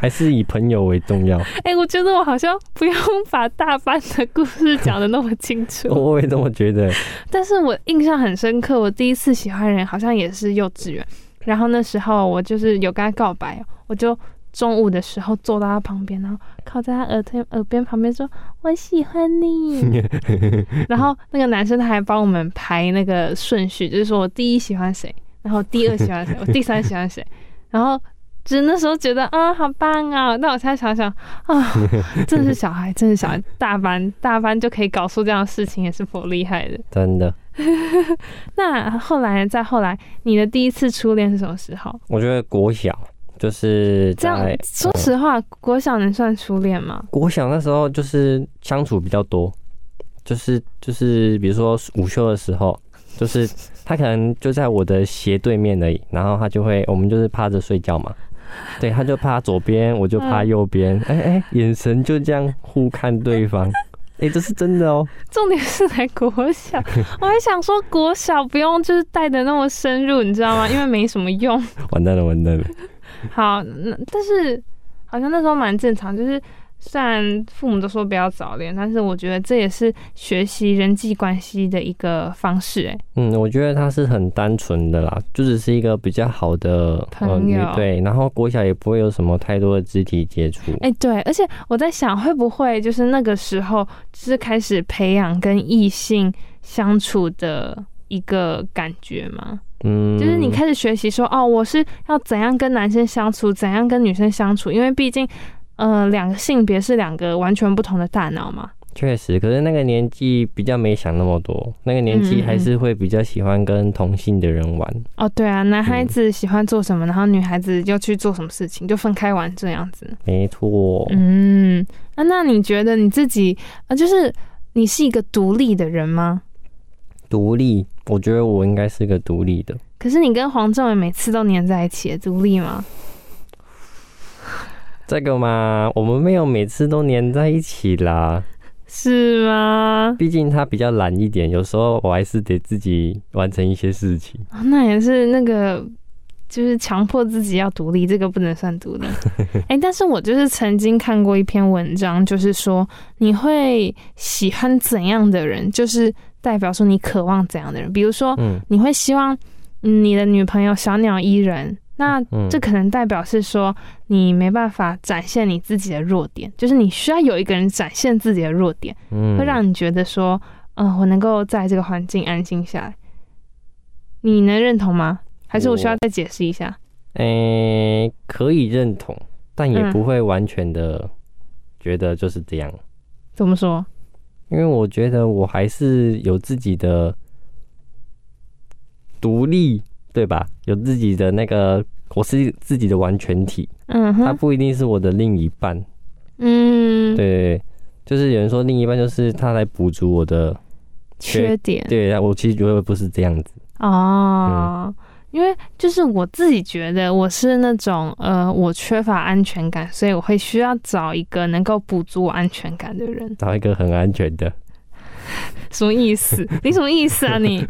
還是以朋友為重要。哎、 欸，我覺得我好像不用把大班的故事講得那麼清楚。 我也這麼覺得。但是我印象很深刻，我第一次喜歡人好像也是幼稚園。然後那時候我就是有跟他告白，我就中午的時候坐到他旁邊，然後靠在他耳推耳邊旁邊說：“我喜歡你。” 然後那個男生他還幫我們排那個順序，就是說我第一喜歡誰，然後第二喜歡誰，我第三喜歡誰。 然後只那時候覺得啊，好棒啊！那我現在想想啊，真是小孩，真是小孩， 大班大班就可以搞出這樣的事情，也是頗厲害的，真的。 那後來，再後來，你的第一次初戀是什麼時候？我覺得國小就是這樣。說實話，嗯、國小能算初戀嗎？國小那時候就是相處比較多，就是就是，比如說午休的時候，就是他可能就在我的斜對面而已，然後他就會，我們就是趴着睡覺嘛。 對，他就趴左邊，我就趴右邊，哎哎、 欸欸，眼神就這樣互看對方。 誒、欸、這是真的哦、喔。重點是在國小，我還想說國小不用就是帶的那麼深入， 你知道嗎？因為沒什麼用。 完蛋了，完蛋了。好，但是好像那時候蠻正常，就是。雖然父母都說不要早戀，但是我覺得這也是學習人際關係的一個方式。哎，嗯，我覺得他是很單純的啦，就只是一個比較好的朋友、呃。對，然後國小也不會有什麼太多的肢體接觸。哎、欸，對，而且我在想，會不會就是那個時候，就是開始培養跟異性相處的一個感覺嗎？嗯，就是你開始學習說，哦，我是要怎樣跟男生相處，怎樣跟女生相處，因為畢竟。呃，兩個性別是兩個完全不同的大腦嗎？確實，可是那個年紀比較沒想那麼多，那個年紀還是會比較喜歡跟同性的人玩。嗯、哦，對啊，男孩子喜歡做什麼，嗯、然後女孩子就去做什麼事情，就分開玩這樣子。沒錯。嗯、啊，那你覺得你自己啊、呃，就是你是一個獨立的人嗎？獨立，我覺得我應該是個獨立的。可是你跟黃政偉每次都粘在一起，獨立嗎？這個嘛，我們沒有每次都粘在一起啦，是嗎？畢竟他比較懶一點，有時候我還是得自己完成一些事情。哦、那也是那個，就是強迫自己要獨立，這個不能算獨立。哎、 欸，但是我就是曾經看過一篇文章，就是說你會喜歡怎樣的人，就是代表說你渴望怎樣的人。比如說，嗯、你會希望你的女朋友小鳥依人。那這可能代表是說，你沒辦法展現你自己的弱點，就是你需要有一個人展現自己的弱點，嗯、會讓你覺得說，嗯、呃，我能夠在這個環境安靜下來。你能認同嗎？還是我需要再解釋一下？誒、欸，可以認同，但也不會完全的覺得就是這樣。嗯、怎麼說？因為我覺得我還是有自己的獨立，對吧？有自己的那個，我是自己的完全體，嗯哼，他不一定是我的另一半，嗯，對，就是有人說另一半就是他來補足我的缺，缺點，對，我其實覺得不是這樣子啊，哦嗯、因為就是我自己覺得我是那種呃，我缺乏安全感，所以我會需要找一個能夠補足我安全感的人，找一個很安全的。 什麼意思？你什麼意思啊你？你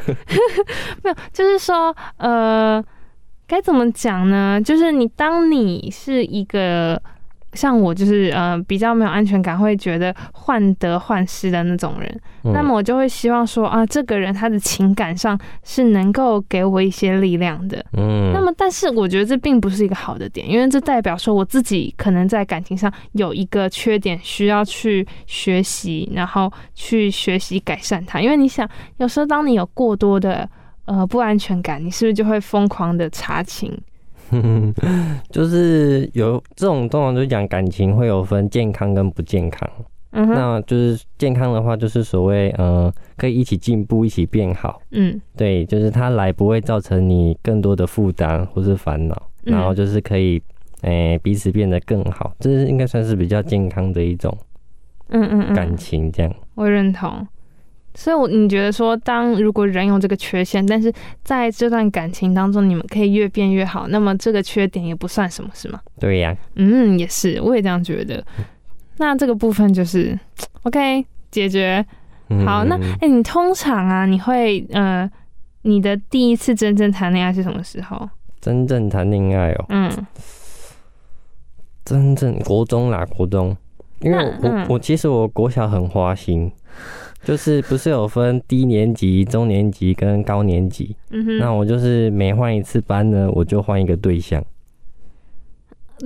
沒有，就是說，呃，該怎麼講呢？就是你當你是一個。像我就是呃比較沒有安全感，會覺得患得患失的那種人。嗯、那麼我就會希望說啊，這個人他的情感上是能夠給我一些力量的。嗯，那麼但是我覺得這並不是一個好的點，因為這代表說我自己可能在感情上有一個缺點需要去學習，然後去學習改善它。因為你想，有時候當你有過多的呃不安全感，你是不是就會瘋狂的查勤？ 就是有這種，通常就講感情會有分健康跟不健康，嗯哼那就是健康的話，就是所謂嗯、呃、可以一起進步，一起變好，嗯，對，就是他來不會造成你更多的負擔或是煩惱，嗯、哼然後就是可以誒、呃、彼此變得更好，這、就是應該算是比較健康的一種，嗯嗯，感情這樣，嗯嗯嗯，我認同。所以，我你覺得說，當如果人有這個缺陷，但是在這段感情當中，你們可以越變越好，那麼這個缺點也不算什麼，是嗎？對呀、啊，嗯，也是，我也這樣覺得。 那這個部分就是 OK 解決、嗯、好。那哎、欸，你通常啊，你會呃，你的第一次真正談戀愛是什麼時候？真正談戀愛哦，嗯，真正國中啦，國中，因為我我,我其實我國小很花心。就是不是有分低年級、中年級跟高年級？ 那我就是每換一次班呢，我就換一個對象。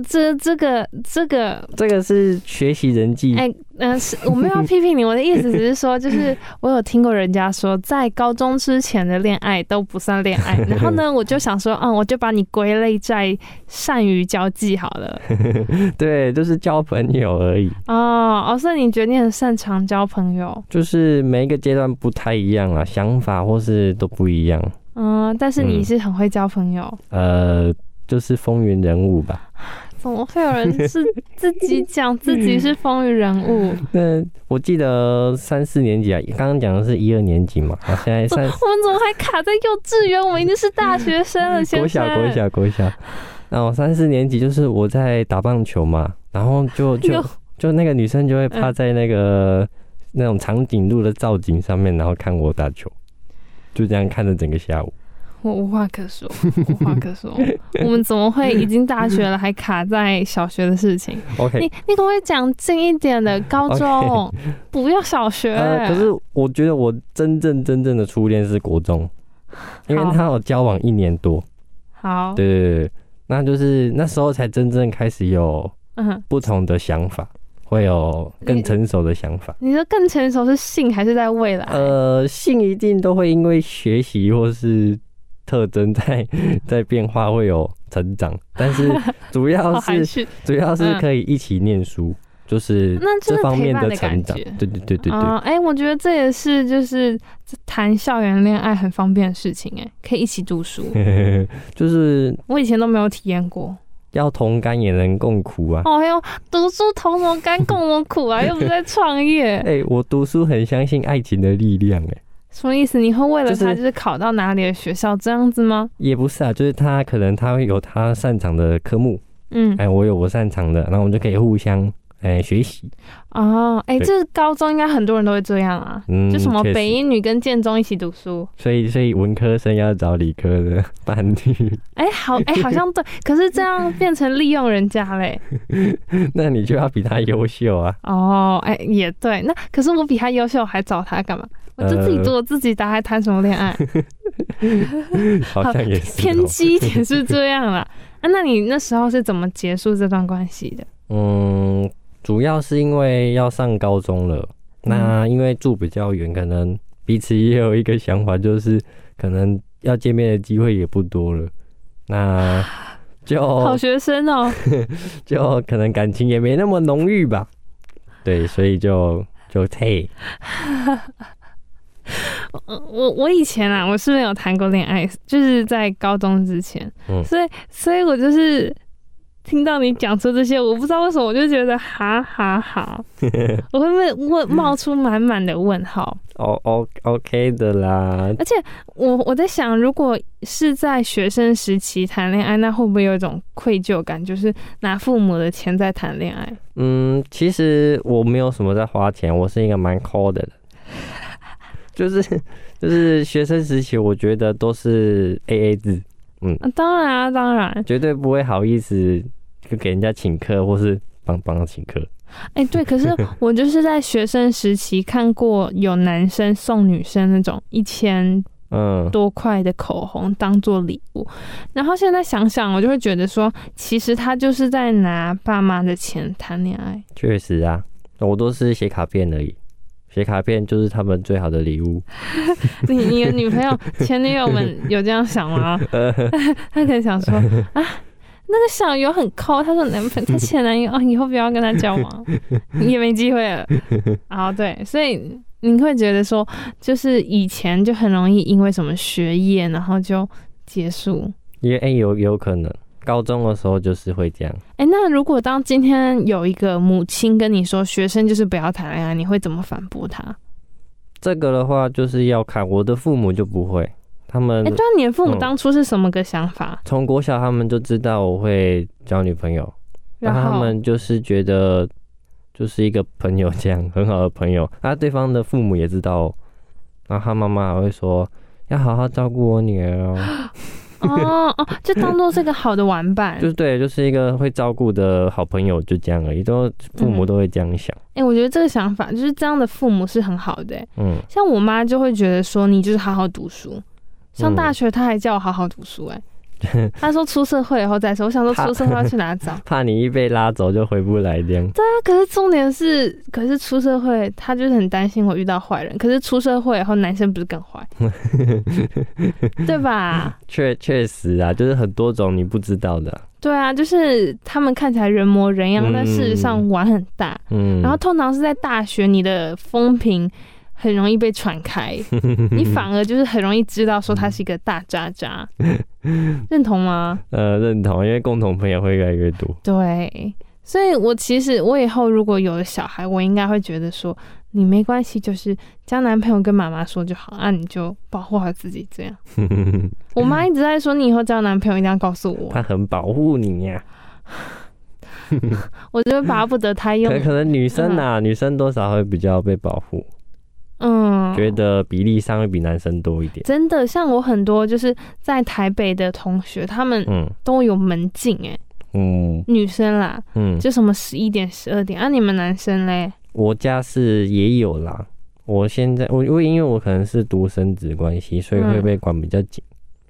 這這個這個這個是學習人際哎，嗯、欸、呃，是，我沒有要批評你， 我的意思只是說，就是我有聽過人家說，在高中之前的戀愛都不算戀愛。然後呢，我就想說，嗯，我就把你歸類在善於交際好了。 對，就是交朋友而已哦，哦、哦、所以，你覺得你很擅長交朋友？就是每一個階段不太一樣啊，想法或是都不一樣。嗯，但是你是很會交朋友。嗯、呃，就是風雲人物吧。怎麼、哦、會有人是自己講自己是風雲人物、 嗯？那我記得三四年級啊，剛剛講的是一二年級嘛，啊、現在三四、哦。我們怎麼還卡在幼稚園？我們已經是大學生了，國小國小國小。然後、啊、三四年級就是我在打棒球嘛，然後就就就那個女生就會趴在那個、呃、那種長頸鹿的造景上面，然後看我打球，就這樣看着整個下午。我無話可說，無話可說。 我們怎麼會已經大學了，還卡在小學的事情？OK，你你可不可以講近一點的？高中，Okay. 不要小學。呃，可是我覺得我真正真正的初戀是國中，因為他有交往一年多。好。對對，那就是那時候才真正開始有嗯不同的想法，uh huh. 會有更成熟的想法。你，你說更成熟是性還是在未來？呃，性一定都會因為學習或是。特徵在在變化，會有成長，但是主要是， 是主要是可以一起念書，嗯、就是這方面的成長。對對對對對。哎、uh, 欸，我覺得這也是就是談校園戀愛很方便的事情，哎，可以一起讀書， 就是我以前都沒有體驗過，要同甘也能共苦啊。哦喲，讀書同什麼甘共什麼苦啊？又不是在創業。哎，我讀書很相信愛情的力量，哎。什麼意思？你會為了他就是考到哪裡的學校這樣子嗎？也不是啊，就是他可能他會有他擅長的科目，嗯，哎，我有我擅長的，然後我們就可以互相哎學習哦，哎，哦欸、對這高中應該很多人都會這樣啊，嗯，就什麼北一女跟建中一起讀書，所以所以文科生要找理科的伴侶，哎，好，哎、欸，好像對， 可是這樣變成利用人家嘞。 那你就要比他優秀啊，哦，哎、欸，也對，那可是我比他優秀，還找他幹嘛？我就自己做自己，打還談什麼戀愛？ 好像好也偏激一點是這樣啦。 啊，那你那時候是怎麼結束這段關係的？嗯，主要是因為要上高中了，嗯、那因為住比較遠，可能彼此也有一個想法，就是可能要見面的機會也不多了。那就好學生哦、喔， 就可能感情也沒那麼濃郁吧。對，所以就就退。嘿 我我我以前啊，我是沒有談過戀愛，就是在高中之前，嗯，所以所以我就是聽到你講出這些，我不知道為什麼我就覺得哈、哈哈哈， 我會不會問冒出滿滿的問號。哦，OK 的啦，而且我我在想，如果是在學生時期談戀愛，那會不會有一種愧疚感，就是拿父母的錢在談戀愛？嗯，其實我沒有什麼在花錢，我是一個蠻摳的人。就是就是學生時期，我覺得都是 AA 制，嗯，當然啊，當然，絕對不會好意思就給人家請客或是幫幫他請客。哎、欸，對，可是我就是在學生時期看過有男生送女生那種一千嗯多塊的口紅當做禮物，嗯、然後現在想想，我就會覺得說，其實他就是在拿爸媽的錢談戀愛。確實啊，我都是寫卡片而已。寫卡片就是他們最好的禮物。 你你的女朋友、前女友們有這樣想嗎？ 呃、 他可能想說啊，那個小遊很摳，他說男朋友、他前男友啊、 哦，以後不要跟他交往，你也沒機會了啊。 對，所以你會覺得說，就是以前就很容易因為什麼學業，然後就結束。也哎、欸，有有可能。高中的時候就是會這樣。哎、欸，那如果當今天有一個母親跟你說“學生就是不要談戀愛”，你會怎麼反駁她？這個的話就是要看我的父母就不會，他們哎，就、欸、你的父母當初是什麼個想法？從、嗯、國小他們就知道我會交女朋友，然後，然後他們就是覺得就是一個朋友這樣很好的朋友。那、啊、對方的父母也知道、喔，然後他媽媽還會說要好好照顧我女兒、喔。 哦 哦，就當做是一個好的玩伴， 就是對，就是一個會照顧的好朋友，就這樣而已。都父母都會這樣想。哎、嗯嗯欸，我覺得這個想法就是這樣的，父母是很好的。嗯，像我媽就會覺得說，你就是好好讀書，上大學，她還叫我好好讀書。哎、嗯。他說出社會以後再說。我想說，出社會要去哪找？怕你一被拉走就回不來這樣。對啊，可是重點是，可是出社會，他就是很擔心我遇到壞人。可是出社會以後，男生不是更壞， 對吧？確確實啊，就是很多種你不知道的。對啊，就是他們看起來人模人樣，嗯、但事實上玩很大。嗯，然後通常是在大學，你的風評很容易被傳開， 你反而就是很容易知道說他是一個大渣渣。認同嗎？呃，認同，因為共同朋友會越來越多。對，所以，我其實我以後如果有了小孩，我應該會覺得說，你沒關係，就是交男朋友跟媽媽說就好，啊，你就保護好自己這樣。 我媽一直在說，你以後交男朋友一定要告訴我。她很保護你呀、啊。 我覺得巴不得他用，可，可能女生啊，嗯、女生多少會比較被保護。嗯，覺得比例上會比男生多一點。真的，像我很多就是在台北的同學，他們、嗯、都有門禁哎。嗯。女生啦，嗯，就什麼十一點、十二點啊，你們男生嘞？我家是也有啦。我現在我因因為我可能是獨生子關係，所以會被管比較緊、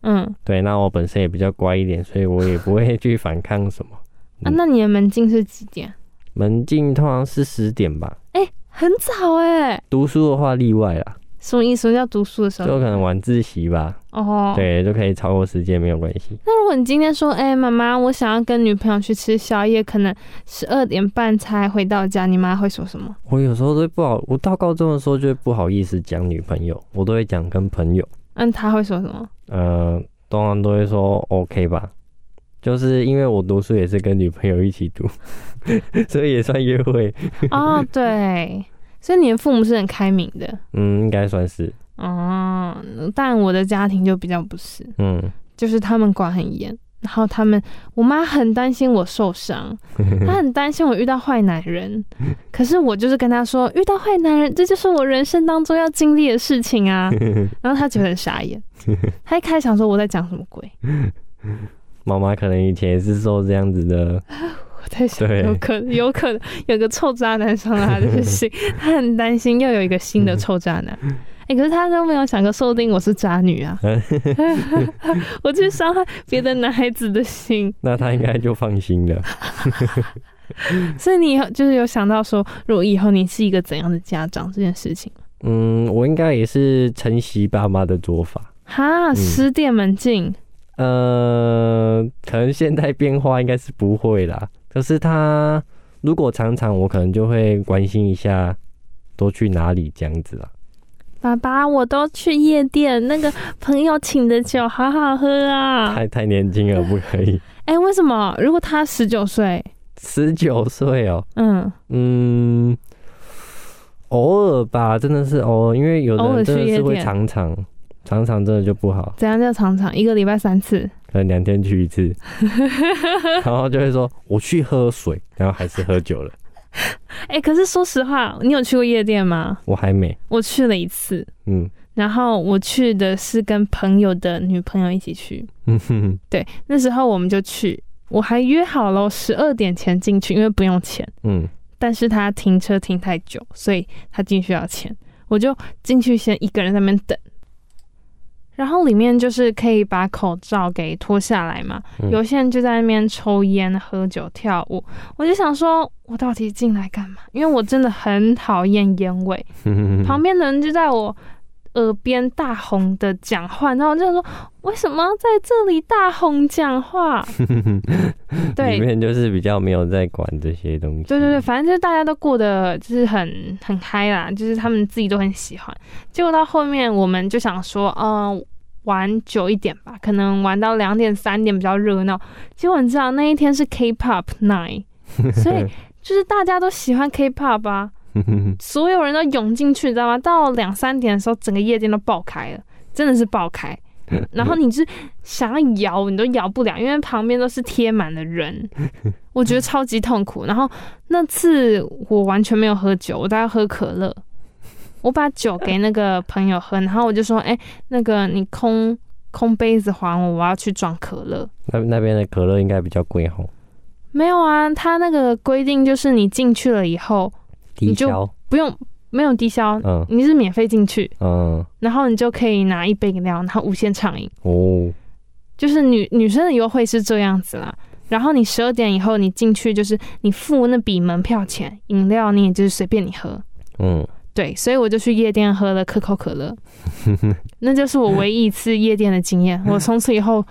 嗯。嗯。對，那我本身也比較乖一點，所以我也不會去反抗什麼。 嗯、啊，那你們門禁是幾點？門禁通常是十點吧。哎、欸。很早哎、欸，讀書的話例外啦。什麼意思？什麼叫讀書的時候？就可能晚自習吧。哦，oh. 對，就可以超過時間，沒有關係。那如果你今天說，哎、欸，媽媽，我想要跟女朋友去吃宵夜，可能十二點半才回到家，你媽會說什麼？我有時候都會不好，我到高中的時候就會不好意思講女朋友，我都會講跟朋友。嗯，她會說什麼？嗯、呃，通常都會說 OK 吧。就是因為我讀書也是跟女朋友一起讀， 所以也算約會哦， oh, 對，所以你的父母是很開明的。嗯，應該算是。哦，oh, 但我的家庭就比較不是。嗯，就是他們管很嚴，然後他們我媽很擔心我受傷， 她很擔心我遇到壞男人。 可是我就是跟她說，遇到壞男人，這就是我人生當中要經歷的事情啊。然後她覺得很傻眼，她 一開始想說我在講什麼鬼。媽媽可能以前也是受這樣子的，我在想，對有可有可有個臭渣男傷了她的心，她 很擔心又有一個新的臭渣男，哎、嗯欸，可是他都沒有想過，說不定我是渣女啊， 我去傷害別的男孩子的心，那他應該就放心了。 所以你就是有想到說，如果以後你是一個怎樣的家長這件事情？嗯，我應該也是承襲爸媽的做法，哈，十、嗯、點門禁。呃，可能現在變化應該是不會啦。可是他如果常常，我可能就會關心一下，都去哪裡這樣子啦。爸爸，我都去夜店，那個朋友請的酒好好喝啊。 太太年輕了，不可以。哎、欸，為什麼？如果他十九歲，十九歲哦，嗯嗯，偶爾吧，真的是偶爾，因為有的人真的是會常常。常常真的就不好，怎樣叫常常？一個禮拜三次，可能兩天去一次， 然後就會說我去喝水，然後還是喝酒了。哎、欸，可是說實話，你有去過夜店嗎？我還沒，我去了一次，嗯，然後我去的是跟朋友的女朋友一起去，嗯哼哼，對，那時候我們就去，我還約好了十二點前進去，因為不用錢，嗯，但是他停車停太久，所以他進去要錢，我就進去先一個人在那邊等。然後裡面就是可以把口罩給脫下來嘛，嗯、有些人就在那邊抽菸、喝酒、跳舞。我就想說，我到底進來幹嘛？因為我真的很討厭菸味。 旁邊的人就在我。耳邊大紅的講話，然後我就想說：為什麼在這裡大紅講話？ 對，裡面就是比較沒有在管這些東西。對對對，反正就是大家都過得就是很很嗨啦，就是他們自己都很喜歡。結果到後面，我們就想說：嗯、呃，玩久一點吧，可能玩到兩點三點比較熱鬧。結果你知道那一天是 K-pop night，所以就是大家都喜歡 K-pop 吧。Pop 啊 所有人都湧進去，你知道嗎？到兩三點的時候，整個夜店都爆開了，真的是爆開。 然後你是想要搖，你都搖不了，因為旁邊都是貼滿的人，我覺得超級痛苦。 然後那次我完全沒有喝酒，我在喝可樂。我把酒給那個朋友喝， 然後我就說：“哎、欸，那個你空空杯子還我，我要去裝可樂。那”那那邊的可樂應該比較貴，吼、哦？沒有啊，他那個規定就是你進去了以後。你就不用沒有低消，嗯、你是免費進去，嗯、然後你就可以拿一杯飲料，然後無限暢飲哦。就是女女生的優惠是這樣子啦。然後你十二點以後你進去，就是你付那筆門票錢，飲料你也就是隨便你喝。嗯，對，所以我就去夜店喝了可口可樂， 那就是我唯一一次夜店的經驗。我從此以後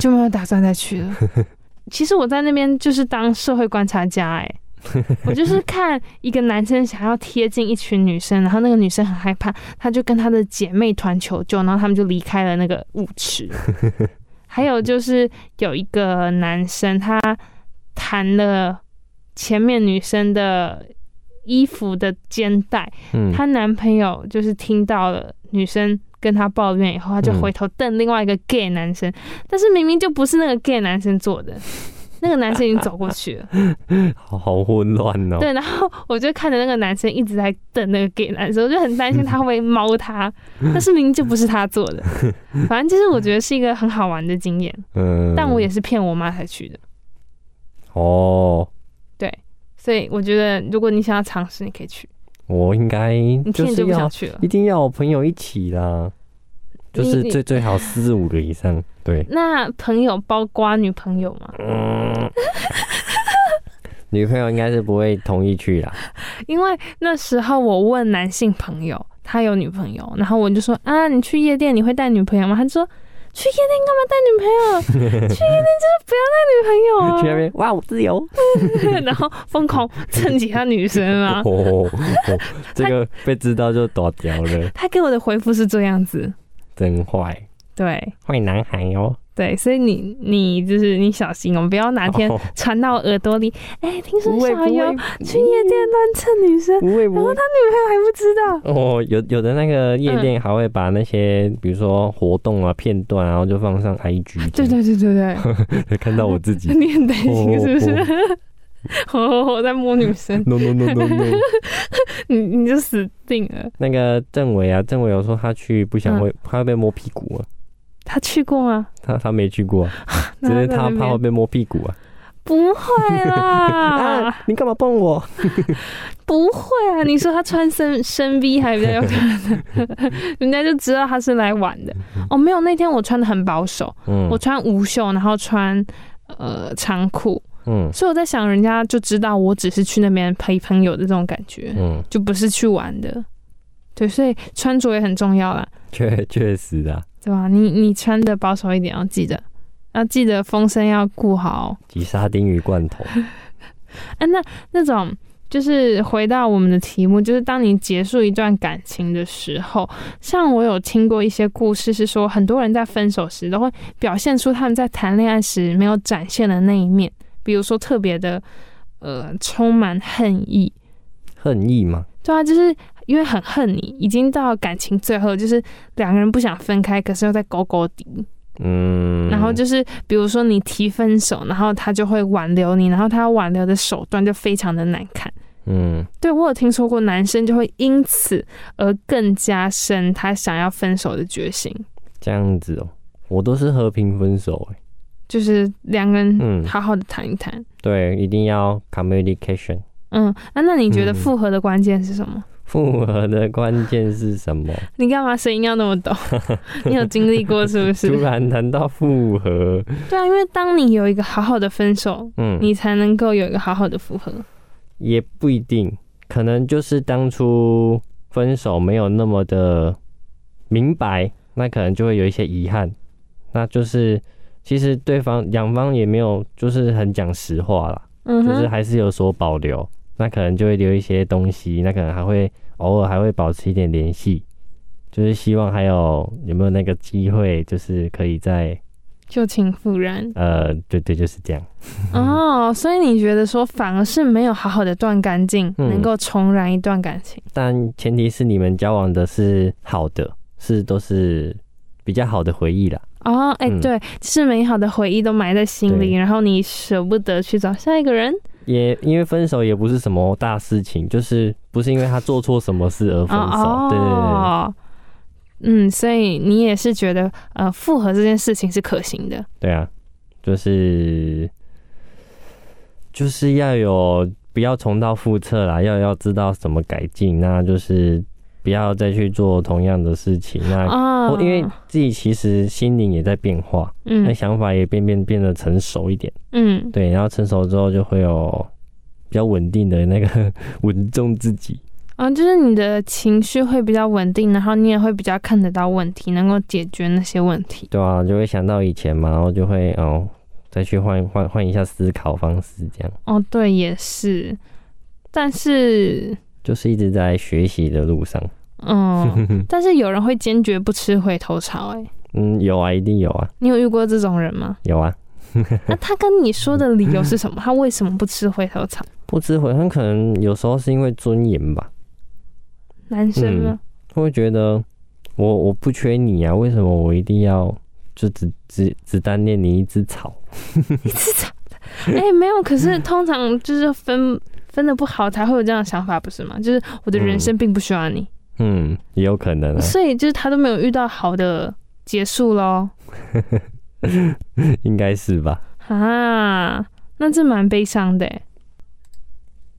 就沒有打算再去了。 其實我在那邊就是當社會觀察家、欸，哎。 我就是看一個男生想要貼近一群女生，然後那個女生很害怕，他就跟他的姐妹團求救，然後他們就離開了那個舞池。 還有就是有一個男生，他彈了前面女生的衣服的肩帶，她、嗯、男朋友就是聽到了女生跟她抱怨以後，他就回頭瞪另外一個 gay 男生，嗯、但是明明就不是那個 gay 男生做的。那個男生已經走過去了， 好混亂哦。對，然後我就看着那個男生一直在瞪那個 gay 男生，我就很擔心他會不會貓他， 但是明明就不是他做的，反正就是我覺得是一個很好玩的經驗。 嗯，但我也是騙我媽才去的。哦，對，所以我覺得如果你想要嘗試，你可以去。我應該你,你就是不想去了，一定要我朋友一起啦。就是最最好四五個以上，對。那朋友包括女朋友嗎？嗯， 女朋友應該是不會同意去啦，因為那時候我問男性朋友，他有女朋友，然後我就說啊，你去夜店你會帶女朋友嗎？他就說，去夜店幹嘛帶女朋友？去夜店就是不要帶女朋友啊， 哇，我自由。 然後瘋狂蹭其他女生啊、哦哦，這個被知道就大條了他。他給我的回復是這樣子。真壞，對，壞男孩喲。對，所以你你就是你小心，喔，我們不要哪天傳到耳朵裡。哎，哦欸，聽說小劉去夜店亂蹭女生，不會不會，然後他女朋友還不知道。不會不會哦，有有的那個夜店還會把那些，嗯、比如說活動啊片段，然後就放上 IG。對對對對對， 看到我自己，你很擔心是不是？哦哦哦我在摸女生，no no no no 你你就死定了。那個政委啊，政委有說他去不想會，怕被摸屁股啊。他去過嗎？他他沒去過，只是他怕會被摸屁股啊。不會啦，你幹嘛碰我？不會啊，你說他穿深深 V 還比較有可能，人家就知道他是來玩的。哦，沒有，那天我穿得很保守，我穿無袖，然後穿呃長褲。嗯，所以我在想，人家就知道我只是去那邊陪朋友的這種感覺，嗯，就不是去玩的，對，所以穿着也很重要啦，確確實實、啊，對吧、啊？你你穿的保守一點，要記得，要記得風聲要顧好，擠沙丁魚罐頭，哎、 啊，那那種就是回到我們的題目，就是當你結束一段感情的時候，像我有聽過一些故事，是說很多人在分手時都會表現出他們在談戀愛時沒有展現的那一面。比如說特別的，呃，充滿恨意，恨意嗎？對啊，就是因為很恨你，已經到感情最後，就是兩個人不想分開，可是又在勾勾敵，嗯。然後就是比如說你提分手，然後他就會挽留你，然後他要挽留的手段就非常的難看，嗯。對，我有聽說過，男生就會因此而更加深他想要分手的決心。這樣子哦、喔，我都是和平分手、欸，哎。就是兩個人好好的談一談，嗯，對，一定要 communication。嗯，那那你覺得復合的關鍵是什麼？復合的關鍵是什麼？你幹嘛聲音要那麼抖？ 你有經歷過是不是？突然談到復合，對啊，因為當你有一個好好的分手，嗯，你才能夠有一個好好的復合。也不一定，可能就是當初分手沒有那麼的明白，那可能就會有一些遺憾，那就是。其實對方兩方也沒有就是很講實話啦，嗯哼，就是還是有所保留，那可能就會留一些東西，那可能還會偶爾還會保持一點聯繫，就是希望還有有沒有那個機會，就是可以再舊情復燃，呃，對，對對就是這樣。 哦，所以你覺得說反而是沒有好好的斷乾淨，嗯，能夠重燃一段感情？但前提是你們交往的是好的，是都是比較好的回憶啦。哦，哎、oh, 欸，嗯、對，是美好的回憶都埋在心裡，對然後你捨不得去找下一個人。也因為分手也不是什麼大事情，就是不是因為他做錯什麼事而分手。Oh, oh, 對對對。哦，嗯，所以你也是覺得，呃，複合這件事情是可行的。對啊，就是就是要有不要重蹈覆轍啦，要要知道怎麼改進那、啊、就是。不要再去做同樣的事情。那、哦哦、因為自己其實心靈也在變化，那、嗯、想法也變變變得成熟一點。嗯，對，然後成熟之後就會有比較穩定的那個穩 重自己。啊、哦，就是你的情緒會比較穩定，然後你也會比較看得到問題，能夠解決那些問題。對啊，就會想到以前嘛，然後就會哦，再去換換換一下思考方式，這樣。哦，對，也是。但是就是一直在學習的路上。嗯，但是有人會堅決不吃回頭草。欸，哎，嗯，有啊，一定有啊。你有遇過這種人嗎？有啊。 那他跟你說的理由是什麼？他為什麼不吃回頭草？不吃回頭可能有時候是因為尊嚴吧。男生呢，嗯、他會覺得我我不缺你啊，為什麼我一定要就只只只單戀你一隻草？ 一隻草，哎、欸，沒有。可是通常就是分分得不好才會有這樣的想法，不是嗎？就是我的人生並不需要你。嗯嗯，也有可能啊。所以就是他都沒有遇到好的結束嘍， 應該是吧？啊，那這蠻悲傷的耶。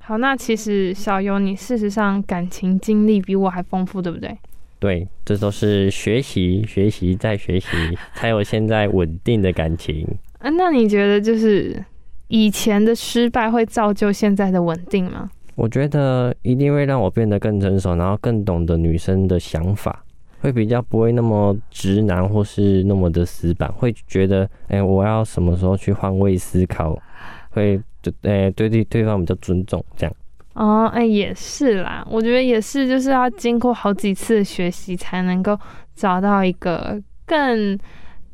好，那其實小優，你事實上感情經歷比我還豐富，對不對？對，這都是學習、學習再學習，才有現在穩定的感情。 啊，那你覺得，就是以前的失敗會造就現在的穩定嗎？我覺得一定會讓我變得更成熟，然後更懂得女生的想法，會比較不會那麼直男，或是那麼的死板，會覺得，欸，我要什麼時候去換位思考，會對，欸，對對對方比較尊重，這樣。哦，欸，也是啦，我覺得也是，就是要經過好幾次學習，才能夠找到一個更。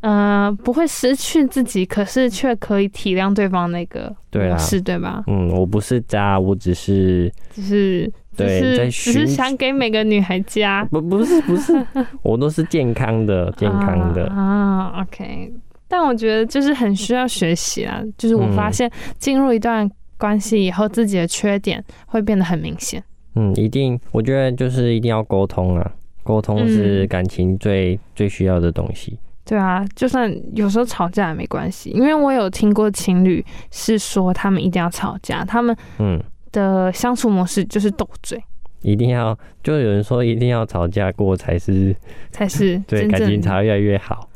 呃，不會失去自己，可是卻可以體諒對方那個，對啊啦是對吧？嗯，我不是渣，我只是只是對只是在尋只是想給每個女孩加，不，不是不是， 我都是健康的健康的啊，啊。OK，但我覺得就是很需要學習啊，就是我發現進入一段關係以後，自己的缺點會變得很明顯。嗯，一定，我覺得就是一定要溝通啊，溝通是感情最、嗯、最需要的東西。對啊，就算有時候吵架也沒關係，因為我有聽過情侶是說他們一定要吵架，他們嗯的相處模式就是鬥嘴。一定要就有人說一定要吵架過才是才是 對，真正的感情吵越來越好。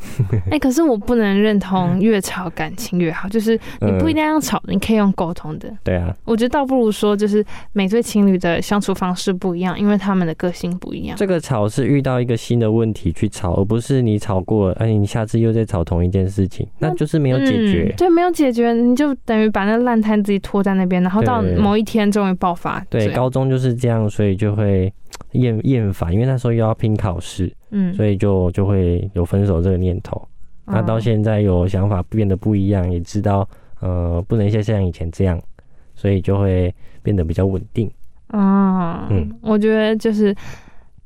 哎、 欸，可是我不能認同越吵感情越好，就是你不一定要吵，嗯、你可以用溝通的。對啊、嗯，我覺得倒不如說，就是每對情侶的相處方式不一樣，因為他們的個性不一樣。這個吵是遇到一個新的問題去吵，而不是你吵過了，哎、欸，你下次又在吵同一件事情，那，那就是沒有解決、嗯，對，沒有解決，你就等於把那爛攤子一拖在那邊，然後到某一天終於爆發。對，所以對，高中就是這樣，所以。就會厭厭煩，因為那時候又要拼考試，嗯，所以就就會有分手這個念頭。嗯、那到現在有想法變得不一樣，啊、也知道呃不能像像以前這樣，所以就會變得比較穩定。啊嗯，我覺得就是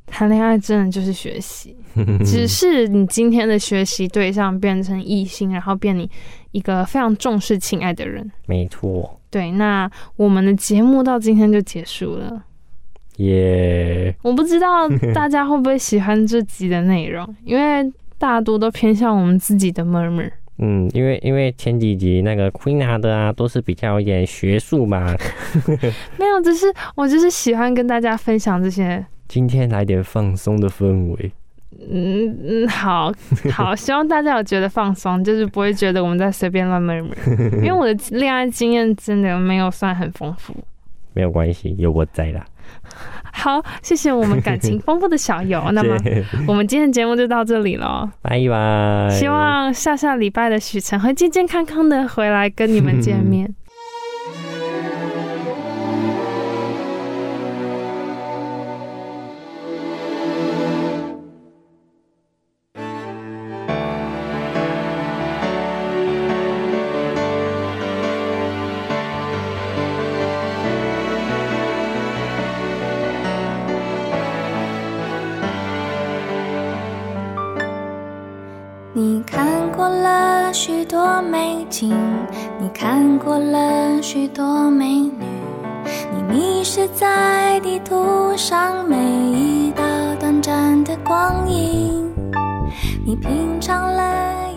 談戀愛真的就是學習， 只是你今天的學習對象變成異性，然後變你一個非常重視、親愛的人。沒錯。對，那我們的節目到今天就結束了。耶！Yeah. 我不知道大家會不會喜歡這集的內容， 因為大多都偏向我們自己的 murmur。嗯，因為因為前幾集那個 Queena 的啊，都是比較演學術嘛。 沒有，就是我就是喜歡跟大家分享這些。今天來點放鬆的氛圍。嗯嗯，好好，希望大家有覺得放鬆，就是不會覺得我們在隨便亂 murmur， 因為我的戀愛經驗真的沒有算很豐富。沒有關係，有我在啦。好，謝謝我們感情豐富的小游。 那麼，我們今天節目就到這裡了，拜拜 bye。希望下下禮拜的許宸會健健康康的回來跟你們見面。 過了許多美女，你迷失在地圖上每一道短暫的光陰，你品嘗了。